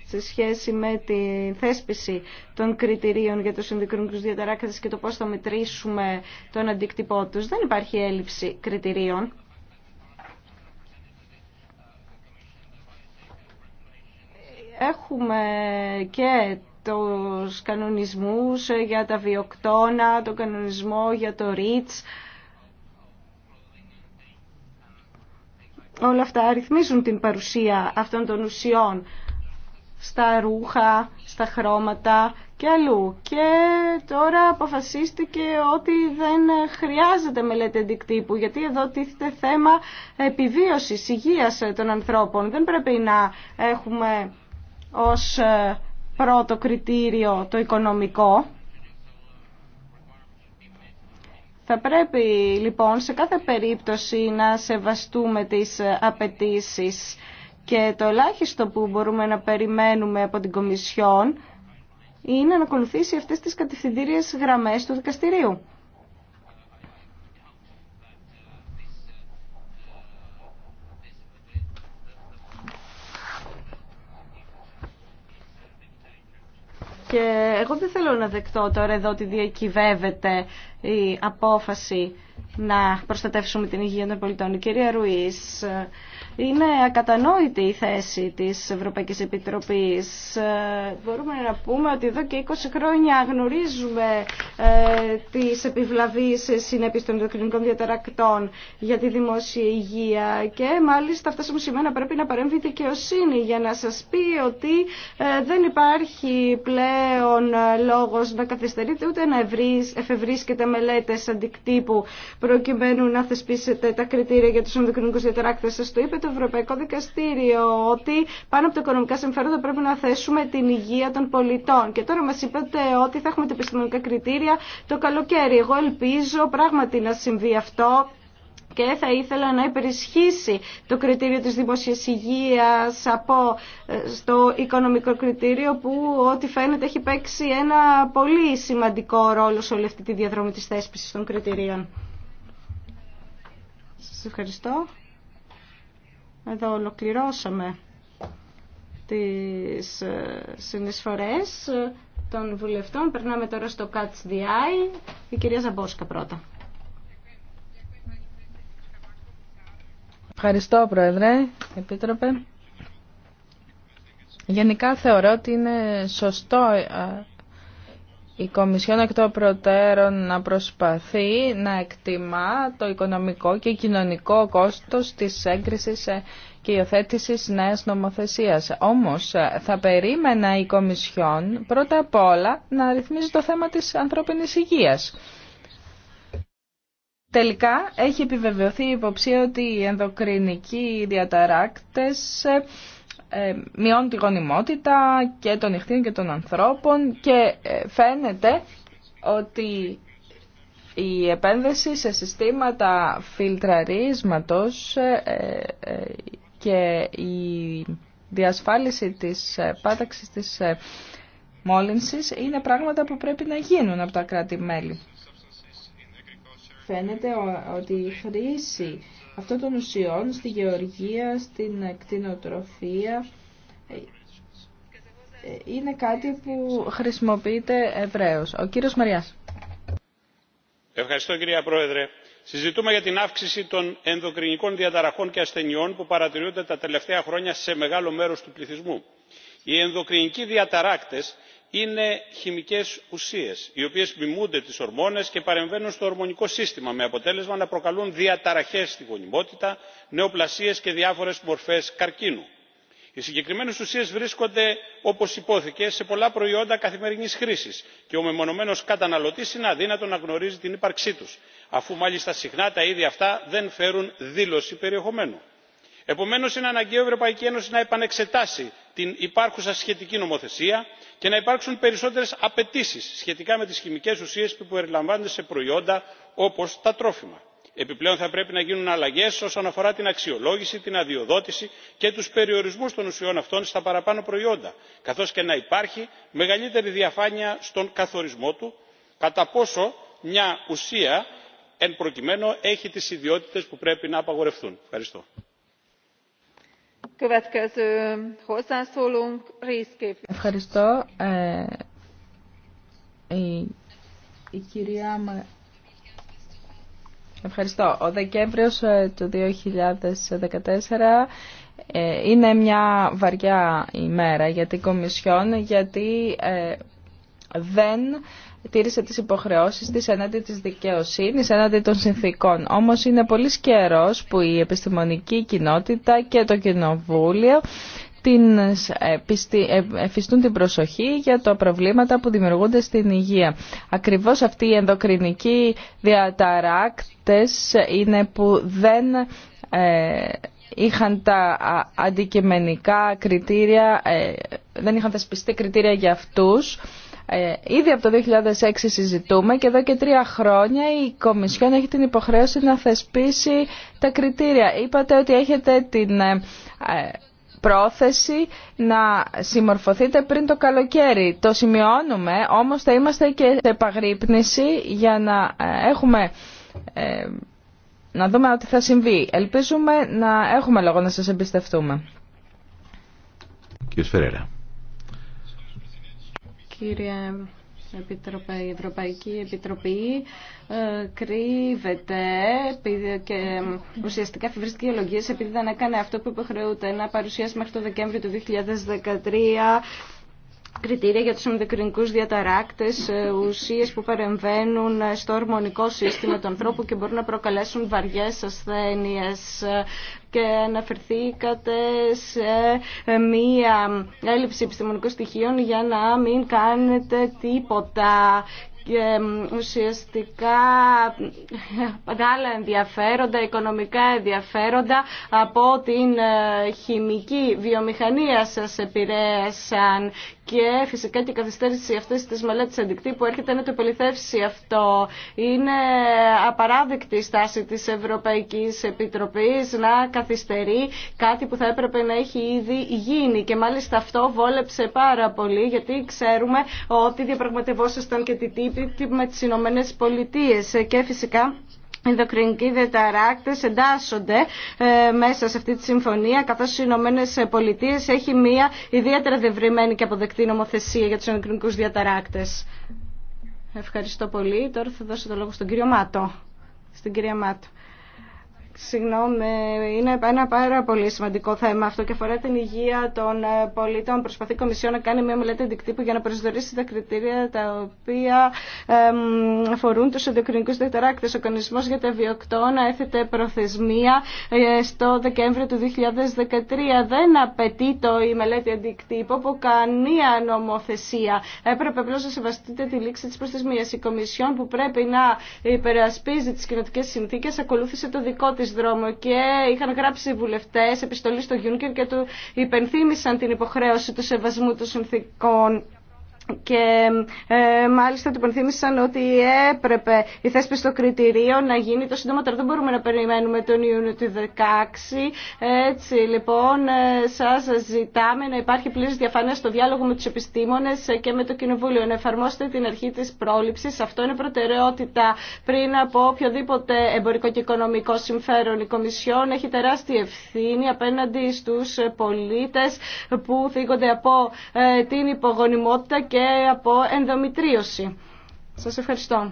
σε σχέση με τη θέσπιση των κριτηρίων για τους ενδοκρινικούς διαταράκτες και το πώς θα μετρήσουμε τον αντίκτυπό τους. Δεν υπάρχει έλλειψη κριτηρίων. Έχουμε και τους κανονισμούς για τα βιοκτώνα, τον κανονισμό για το ρίτς. όλα αυτά αριθμίζουν την παρουσία αυτών των ουσιών στα ρούχα, στα χρώματα και αλλού. Και τώρα αποφασίστηκε ότι δεν χρειάζεται μελέτη αντικτύπου, γιατί εδώ τίθεται θέμα επιβίωσης, υγείας των ανθρώπων. Δεν πρέπει να έχουμε ως ε, πρώτο κριτήριο το οικονομικό. Θα πρέπει λοιπόν σε κάθε περίπτωση να σεβαστούμε τις απαιτήσει και το ελάχιστο που μπορούμε να περιμένουμε από την Κομισιόν είναι να ακολουθήσει αυτές τις κατευθυντήριες γραμμές του δικαστηρίου. Και εγώ δεν θέλω να δεκτώ τώρα εδώ ότι διακυβεύεται η απόφαση να προστατεύσουμε την υγεία των πολιτών. Η κυρία Ρουής είναι ακατανόητη η θέση της Ευρωπαϊκής Επιτροπής. Ε, μπορούμε να πούμε ότι εδώ και 20 χρόνια γνωρίζουμε ε, τις επιβλαβείς συνέπειες των ενδοκρινικών διαταρακτών για τη δημόσια υγεία και μάλιστα φτάσαμε σήμερα πρέπει να παρέμβει η δικαιοσύνη για να σας πει ότι ε, δεν υπάρχει πλέον λόγος να καθυστερείτε ούτε να εφευρίσκετε μελέτες αντικτύπου προκειμένου να θεσπίσετε τα κριτήρια για τους ενδοκρινικούς διαταράκτες. Σας το είπε το Ευρωπαϊκό Δικαστήριο ότι πάνω από τα οικονομικά συμφέροντα πρέπει να θέσουμε την υγεία των πολιτών. Και τώρα μας είπατε ότι θα έχουμε τα επιστημονικά κριτήρια το καλοκαίρι. Εγώ ελπίζω πράγματι να συμβεί αυτό και θα ήθελα να υπερισχύσει το κριτήριο της δημόσιας υγείας από ε, στο οικονομικό κριτήριο που ό,τι φαίνεται έχει παίξει ένα πολύ σημαντικό ρόλο σε όλη αυτή τη διαδρομή της θέσπισης των κριτηρίων. Σας ευχαριστώ. Εδώ ολοκληρώσαμε τις ε, συνεισφορές ε, των βουλευτών. Περνάμε τώρα στο Catch the Eye. Η κυρία Ζαμπόσκα πρώτα. Ευχαριστώ, Πρόεδρε, Επίτροπε. Γενικά θεωρώ ότι είναι σωστό ε, η Κομισιόν εκ των προτέρων να προσπαθεί να εκτιμά το οικονομικό και κοινωνικό κόστος της έγκρισης και υιοθέτηση νέας νομοθεσίας. Όμως θα περίμενα η Κομισιόν πρώτα απ' όλα να ρυθμίζει το θέμα της ανθρώπινης υγείας. Τελικά έχει επιβεβαιωθεί η υποψία ότι οι ενδοκρινικοί διαταράκτες ε, μειώνουν τη γονιμότητα και των νυχτήρων και των ανθρώπων και ε, φαίνεται ότι η επένδυση σε συστήματα φιλτραρίσματος ε, και η διασφάλιση της πάταξης της μόλυνσης είναι πράγματα που πρέπει να γίνουν από τα κράτη-μέλη. Φαίνεται ότι η χρήση αυτών των ουσιών στη γεωργία, στην κτηνοτροφία ε, είναι κάτι που χρησιμοποιείται ευρέως. Ο κύριος Μαριάς. Ευχαριστώ κυρία Πρόεδρε. Συζητούμε για την αύξηση των ενδοκρινικών διαταραχών και ασθενειών που παρατηρούνται τα τελευταία χρόνια σε μεγάλο μέρος του πληθυσμού. Οι ενδοκρινικοί διαταράκτες είναι χημικέ ουσίε, οι οποίε μιμούνται τι ορμόνε και παρεμβαίνουν στο ορμονικό σύστημα με αποτέλεσμα να προκαλούν διαταραχέ στη γονιμότητα νέοπλασίε και διάφορε μορφέ καρκίνου. οι συγκεκριμένε ουσίε βρίσκονται όπω υπόθηκε σε πολλά προϊόντα καθημερινή χρήση, και ο μεμονωμένο καταναλωτή είναι αδύνατο να γνωρίζει την ύπαρξή του, αφού μάλιστα συχνά τα ίδια αυτά δεν φέρουν δήλωση περιεχομένου. Επομένω, είναι αναγκαίο η ευρωπαϊκή ένωση να επανεξετάσει την υπάρχουσα σχετική νομοθεσία και να υπάρξουν περισσότερε απαιτήσει σχετικά με τι χημικέ ουσίε που περιλαμβάνονται σε προϊόντα όπω τα τρόφιμα. επιπλέον θα πρέπει να γίνουν αλλαγέ όσον αφορά την αξιολόγηση την αδειοδότηση και του περιορισμού των ουσιών αυτών στα παραπάνω προϊόντα καθώ και να υπάρχει μεγαλύτερη διαφάνεια στον καθορισμό του κατά πόσο μια ουσία εν προκειμένου έχει τι ιδιότητε που πρέπει να απαγορευτούν. ευχαριστώ. Ευχαριστώ. Ε, η, η κυρία... Ευχαριστώ. Ο Δεκέμβριος ε, του 2014 ε, είναι μια βαριά ημέρα για την Κομισιόν γιατί δεν τήρησε τις υποχρεώσεις της έναντι της δικαιοσύνης, έναντι των συνθήκων. Όμως είναι πολύ σκερός που η επιστημονική κοινότητα και το κοινοβούλιο την, ε, ε, εφιστούν την προσοχή για τα προβλήματα που δημιουργούνται στην υγεία. Ακριβώς αυτοί οι ενδοκρινικοί διαταράκτες είναι που δεν ε, είχαν τα αντικειμενικά κριτήρια, δεν είχαν θεσπιστεί κριτήρια για αυτούς ε, ήδη από το 2006 συζητούμε και εδώ και τρία χρόνια η Κομισιόν έχει την υποχρέωση να θεσπίσει τα κριτήρια. Είπατε ότι έχετε την ε, πρόθεση να συμμορφωθείτε πριν το καλοκαίρι. Το σημειώνουμε, όμως θα είμαστε και σε επαγρύπνηση για να ε, έχουμε... να δούμε ότι θα συμβεί. Ελπίζουμε να έχουμε λόγο να σας εμπιστευτούμε κύριε η Ευρωπαϊκή Επιτροπή ε, κρύβεται και ουσιαστικά φιβρίστηκε ολογίες επειδή δεν έκανε αυτό που υποχρεούται να παρουσιάσει μέχρι το Δεκέμβριο του 2013 κριτήρια για τους ενδοκρινικούς διαταράκτες, ε, ουσίες που παρεμβαίνουν στο ορμονικό σύστημα του ανθρώπου και μπορούν να προκαλέσουν βαριές ασθένειες ε, και αναφερθήκατε σε ε, μία έλλειψη επιστημονικών στοιχείων για να μην κάνετε τίποτα και ουσιαστικά άλλα ενδιαφέροντα, οικονομικά ενδιαφέροντα από την χημική βιομηχανία σας επηρέασαν και φυσικά και η καθυστέρηση αυτή τη μελέτη αντικτύπου που έρχεται να το επιληθεύσει αυτό. Είναι απαράδεκτη η στάση τη Ευρωπαϊκή Επιτροπή να καθυστερεί κάτι που θα έπρεπε να έχει ήδη γίνει. Και μάλιστα αυτό βόλεψε πάρα πολύ, γιατί ξέρουμε ότι διαπραγματευόσασταν και τη τύπη με τι Ηνωμένε Πολιτείε. Και φυσικά ενδοκρινικοί διαταράκτες εντάσσονται ε, μέσα σε αυτή τη συμφωνία καθώς οι Ηνωμένε Πολιτείε έχει μια ιδιαίτερα δευρυμένη και αποδεκτή νομοθεσία για του ενδοκρινικού διαταράκτες. Ευχαριστώ πολύ. Τώρα θα δώσω το λόγο στον κύριο Μάτο. Στην κυρία Μάτο. Συγγνώμη, ε, είναι ένα πάρα πολύ σημαντικό θέμα αυτό και αφορά την υγεία των ε, πολίτων. Προσπαθεί η Κομισιό να κάνει μια μελέτη αντικτύπου για να προσδιορίσει τα κριτήρια τα οποία αφορούν του ενδοκρινικού διαταράκτε. Ο κανονισμό για τα βιοκτώνα έθετε προθεσμία ε, στο Δεκέμβριο του 2013. Δεν απαιτεί το η μελέτη αντικτύπου από καμία νομοθεσία. Έπρεπε απλώ να σεβαστείτε τη λήξη τη προθεσμία. Η Κομισιόν που πρέπει να υπερασπίζει τι κοινοτικέ συνθήκε ακολούθησε το δικό τη δρόμο και είχαν γράψει οι βουλευτέ επιστολή στο Γιούνκερ και του υπενθύμησαν την υποχρέωση του σεβασμού των συνθήκων και ε, μάλιστα του υπενθύμησαν ότι έπρεπε η θέσπιση των κριτηρίων να γίνει το σύντομα τώρα Δεν μπορούμε να περιμένουμε τον Ιούνιο του 2016. Έτσι λοιπόν ε, σας ζητάμε να υπάρχει πλήρης διαφάνεια στο διάλογο με τους επιστήμονες και με το Κοινοβούλιο. Να εφαρμόσετε την αρχή της πρόληψης. Αυτό είναι προτεραιότητα πριν από οποιοδήποτε εμπορικό και οικονομικό συμφέρον. Η Κομισιόν έχει τεράστια ευθύνη απέναντι στους πολίτες που θίγονται από ε, την υπογονιμότητα και και από ενδομητρίωση. Σας ευχαριστώ.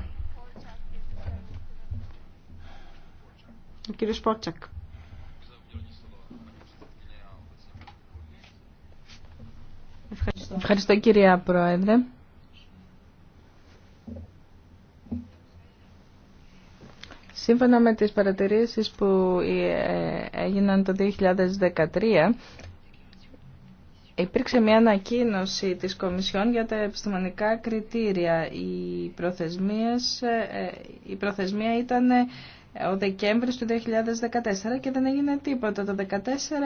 Ο κύριος Πότσακ. Ευχαριστώ. Ευχαριστώ κυρία Πρόεδρε. Σύμφωνα με τις παρατηρήσεις που ε, ε, έγιναν το 2013, Υπήρξε μια ανακοίνωση της Κομισιόν για τα επιστημονικά κριτήρια. Ε, η προθεσμία ήταν ε, ο Δεκέμβρης του 2014 και δεν έγινε τίποτα. Το 2014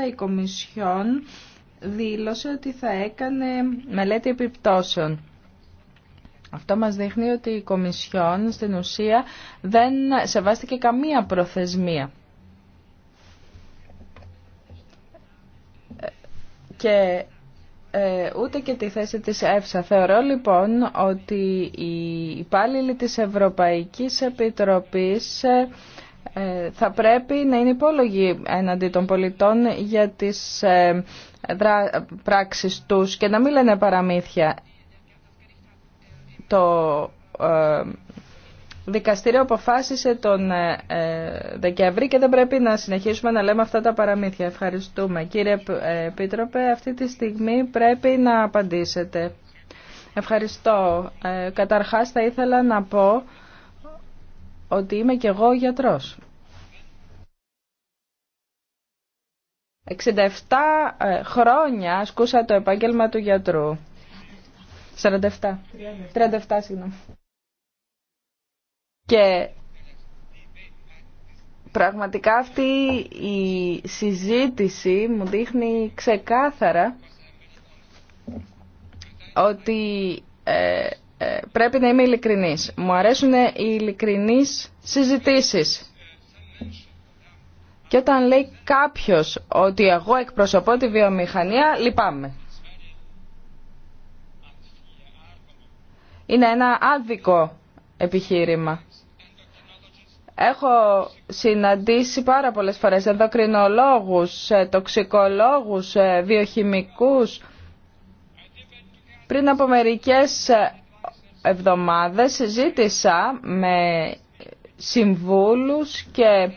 η Κομισιόν δήλωσε ότι θα έκανε μελέτη επιπτώσεων. Αυτό μας δείχνει ότι η Κομισιόν στην ουσία δεν σεβάστηκε καμία προθεσμία. Ε, και ε, ούτε και τη θέση της ΕΦΣΑ. Θεωρώ λοιπόν ότι οι υπάλληλοι της Ευρωπαϊκής Επιτροπής ε, θα πρέπει να είναι υπόλογοι εναντί των πολιτών για τις ε, πράξεις τους και να μην λένε παραμύθια. Το δικαστήριο αποφάσισε τον ε, ε, Δεκέμβρη και δεν πρέπει να συνεχίσουμε να λέμε αυτά τα παραμύθια. Ευχαριστούμε. Κύριε ε, Επίτροπε, αυτή τη στιγμή πρέπει να απαντήσετε. Ευχαριστώ. Καταρχάς θα ήθελα να πω ότι είμαι και εγώ γιατρός. 67 χρόνια ασκούσα το επάγγελμα του γιατρού. 47. 37, 37 συγγνώμη. Και πραγματικά αυτή η συζήτηση μου δείχνει ξεκάθαρα ότι ε, ε, πρέπει να είμαι ειλικρινής. Μου αρέσουν οι ειλικρινείς συζητήσεις. Και όταν λέει κάποιος ότι εγώ εκπροσωπώ τη βιομηχανία, λυπάμαι. Είναι ένα άδικο επιχείρημα. Έχω συναντήσει πάρα πολλές φορές ενδοκρινολόγους, ε, τοξικολόγους, ε, βιοχημικούς. Πριν από μερικές ε, εβδομάδες συζήτησα με συμβούλους και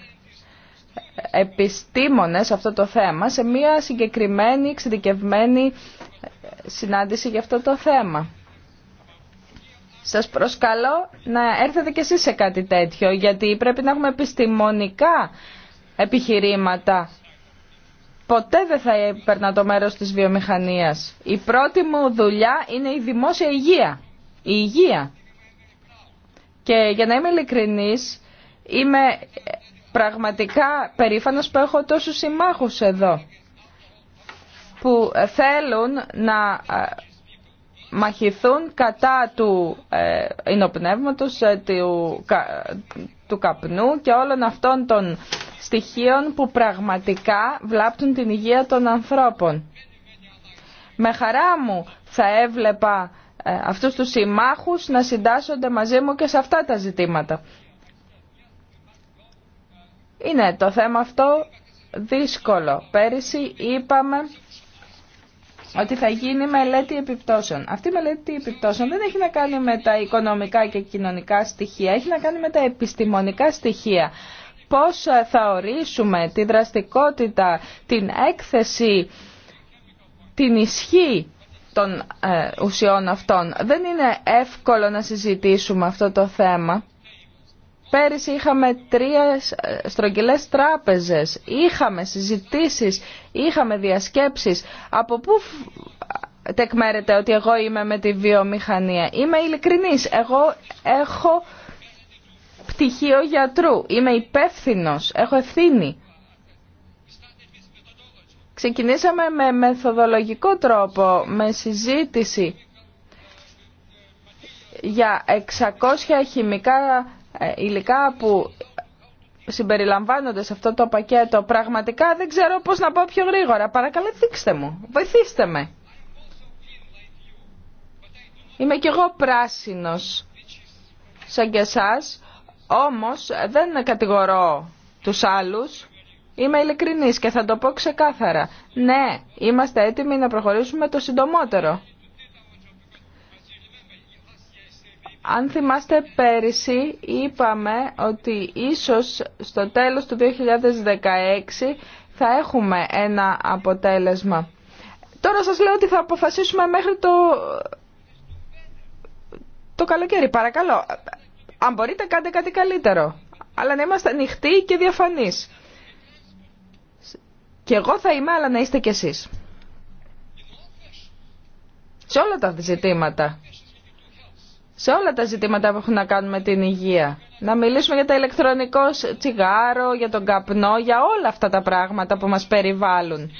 επιστήμονες αυτό το θέμα σε μια συγκεκριμένη εξειδικευμένη συνάντηση για αυτό το θέμα. Σας προσκαλώ να έρθετε κι εσείς σε κάτι τέτοιο, γιατί πρέπει να έχουμε επιστημονικά επιχειρήματα. Ποτέ δεν θα έπαιρνα το μέρος της βιομηχανίας. Η πρώτη μου δουλειά είναι η δημόσια υγεία. Η υγεία. Και για να είμαι ειλικρινής, είμαι πραγματικά περήφανος που έχω τόσους συμμάχους εδώ που θέλουν να μαχηθούν κατά του εινοπνεύματος, ε, του, του καπνού και όλων αυτών των στοιχείων που πραγματικά βλάπτουν την υγεία των ανθρώπων. Με χαρά μου θα έβλεπα ε, αυτούς τους συμμάχους να συντάσσονται μαζί μου και σε αυτά τα ζητήματα. Είναι το θέμα αυτό δύσκολο. Πέρυσι είπαμε ότι θα γίνει μελέτη επιπτώσεων. Αυτή η μελέτη επιπτώσεων δεν έχει να κάνει με τα οικονομικά και κοινωνικά στοιχεία, έχει να κάνει με τα επιστημονικά στοιχεία. Πώς ε, θα ορίσουμε τη δραστικότητα, την έκθεση, την ισχύ των ε, ουσιών αυτών. Δεν είναι εύκολο να συζητήσουμε αυτό το θέμα. Πέρυσι είχαμε τρία στρογγυλές τράπεζες, είχαμε συζητήσεις, είχαμε διασκέψεις. Από πού τεκμέρεται ότι εγώ είμαι με τη βιομηχανία. Είμαι ειλικρινής, εγώ έχω πτυχίο γιατρού, είμαι υπεύθυνο, έχω ευθύνη. Ξεκινήσαμε με μεθοδολογικό τρόπο, με συζήτηση για 600 χημικά ε, υλικά που συμπεριλαμβάνονται σε αυτό το πακέτο πραγματικά δεν ξέρω πώς να πάω πιο γρήγορα. Παρακαλώ δείξτε μου, βοηθήστε με. Είμαι κι εγώ πράσινος σαν και εσάς, όμως δεν κατηγορώ τους άλλους. Είμαι ειλικρινής και θα το πω ξεκάθαρα. Ναι, είμαστε έτοιμοι να προχωρήσουμε το συντομότερο. Αν θυμάστε πέρυσι είπαμε ότι ίσως στο τέλος του 2016 θα έχουμε ένα αποτέλεσμα. Τώρα σας λέω ότι θα αποφασίσουμε μέχρι το, το καλοκαίρι. Παρακαλώ, αν μπορείτε κάντε κάτι καλύτερο. Αλλά να είμαστε ανοιχτοί και διαφανείς. Και εγώ θα είμαι, αλλά να είστε κι εσείς. Σε όλα τα ζητήματα σε όλα τα ζητήματα που έχουν να κάνουν με την υγεία. Να μιλήσουμε για τα ηλεκτρονικό τσιγάρο, για τον καπνό, για όλα αυτά τα πράγματα που μας περιβάλλουν.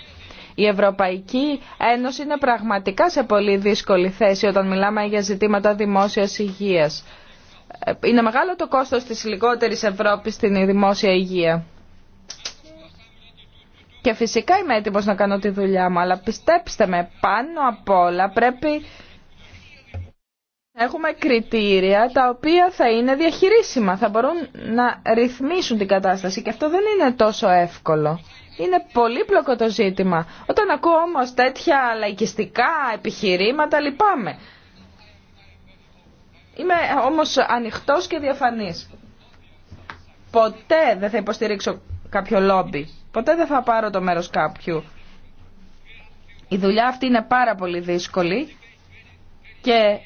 Η Ευρωπαϊκή Ένωση είναι πραγματικά σε πολύ δύσκολη θέση όταν μιλάμε για ζητήματα δημόσιας υγείας. Είναι μεγάλο το κόστος της λιγότερης Ευρώπης στην δημόσια υγεία. Και φυσικά είμαι έτοιμος να κάνω τη δουλειά μου, αλλά πιστέψτε με, πάνω απ' όλα πρέπει Έχουμε κριτήρια τα οποία θα είναι διαχειρίσιμα, θα μπορούν να ρυθμίσουν την κατάσταση και αυτό δεν είναι τόσο εύκολο. Είναι πολύπλοκο το ζήτημα. Όταν ακούω όμως τέτοια λαϊκιστικά επιχειρήματα λυπάμαι. Είμαι όμως ανοιχτός και διαφανής. Ποτέ δεν θα υποστηρίξω κάποιο λόμπι. Ποτέ δεν θα πάρω το μέρος κάποιου. Η δουλειά αυτή είναι πάρα πολύ δύσκολη και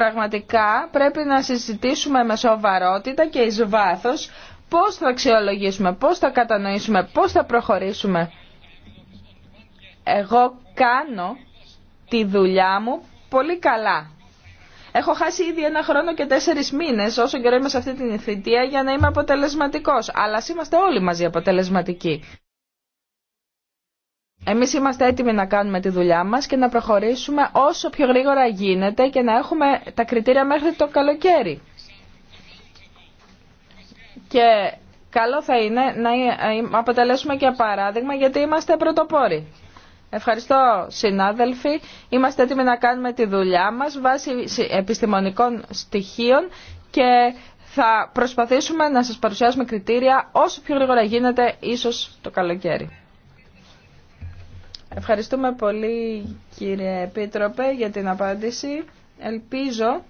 Πραγματικά πρέπει να συζητήσουμε με σοβαρότητα και εις βάθος πώς θα αξιολογήσουμε, πώς θα κατανοήσουμε, πώς θα προχωρήσουμε. Εγώ κάνω τη δουλειά μου πολύ καλά. Έχω χάσει ήδη ένα χρόνο και τέσσερι μήνε, όσο καιρό είμαι σε αυτή την θητεία, για να είμαι αποτελεσματικό. Αλλά είμαστε όλοι μαζί αποτελεσματικοί. Εμείς είμαστε έτοιμοι να κάνουμε τη δουλειά μας και να προχωρήσουμε όσο πιο γρήγορα γίνεται και να έχουμε τα κριτήρια μέχρι το καλοκαίρι. Και καλό θα είναι να ε, αποτελέσουμε και παράδειγμα γιατί είμαστε πρωτοπόροι. Ευχαριστώ συνάδελφοι. Είμαστε έτοιμοι να κάνουμε τη δουλειά μας βάσει επιστημονικών στοιχείων και θα προσπαθήσουμε να σας παρουσιάσουμε κριτήρια όσο πιο γρήγορα γίνεται ίσως το καλοκαίρι. Ευχαριστούμε πολύ κύριε Επίτροπε για την απάντηση. Ελπίζω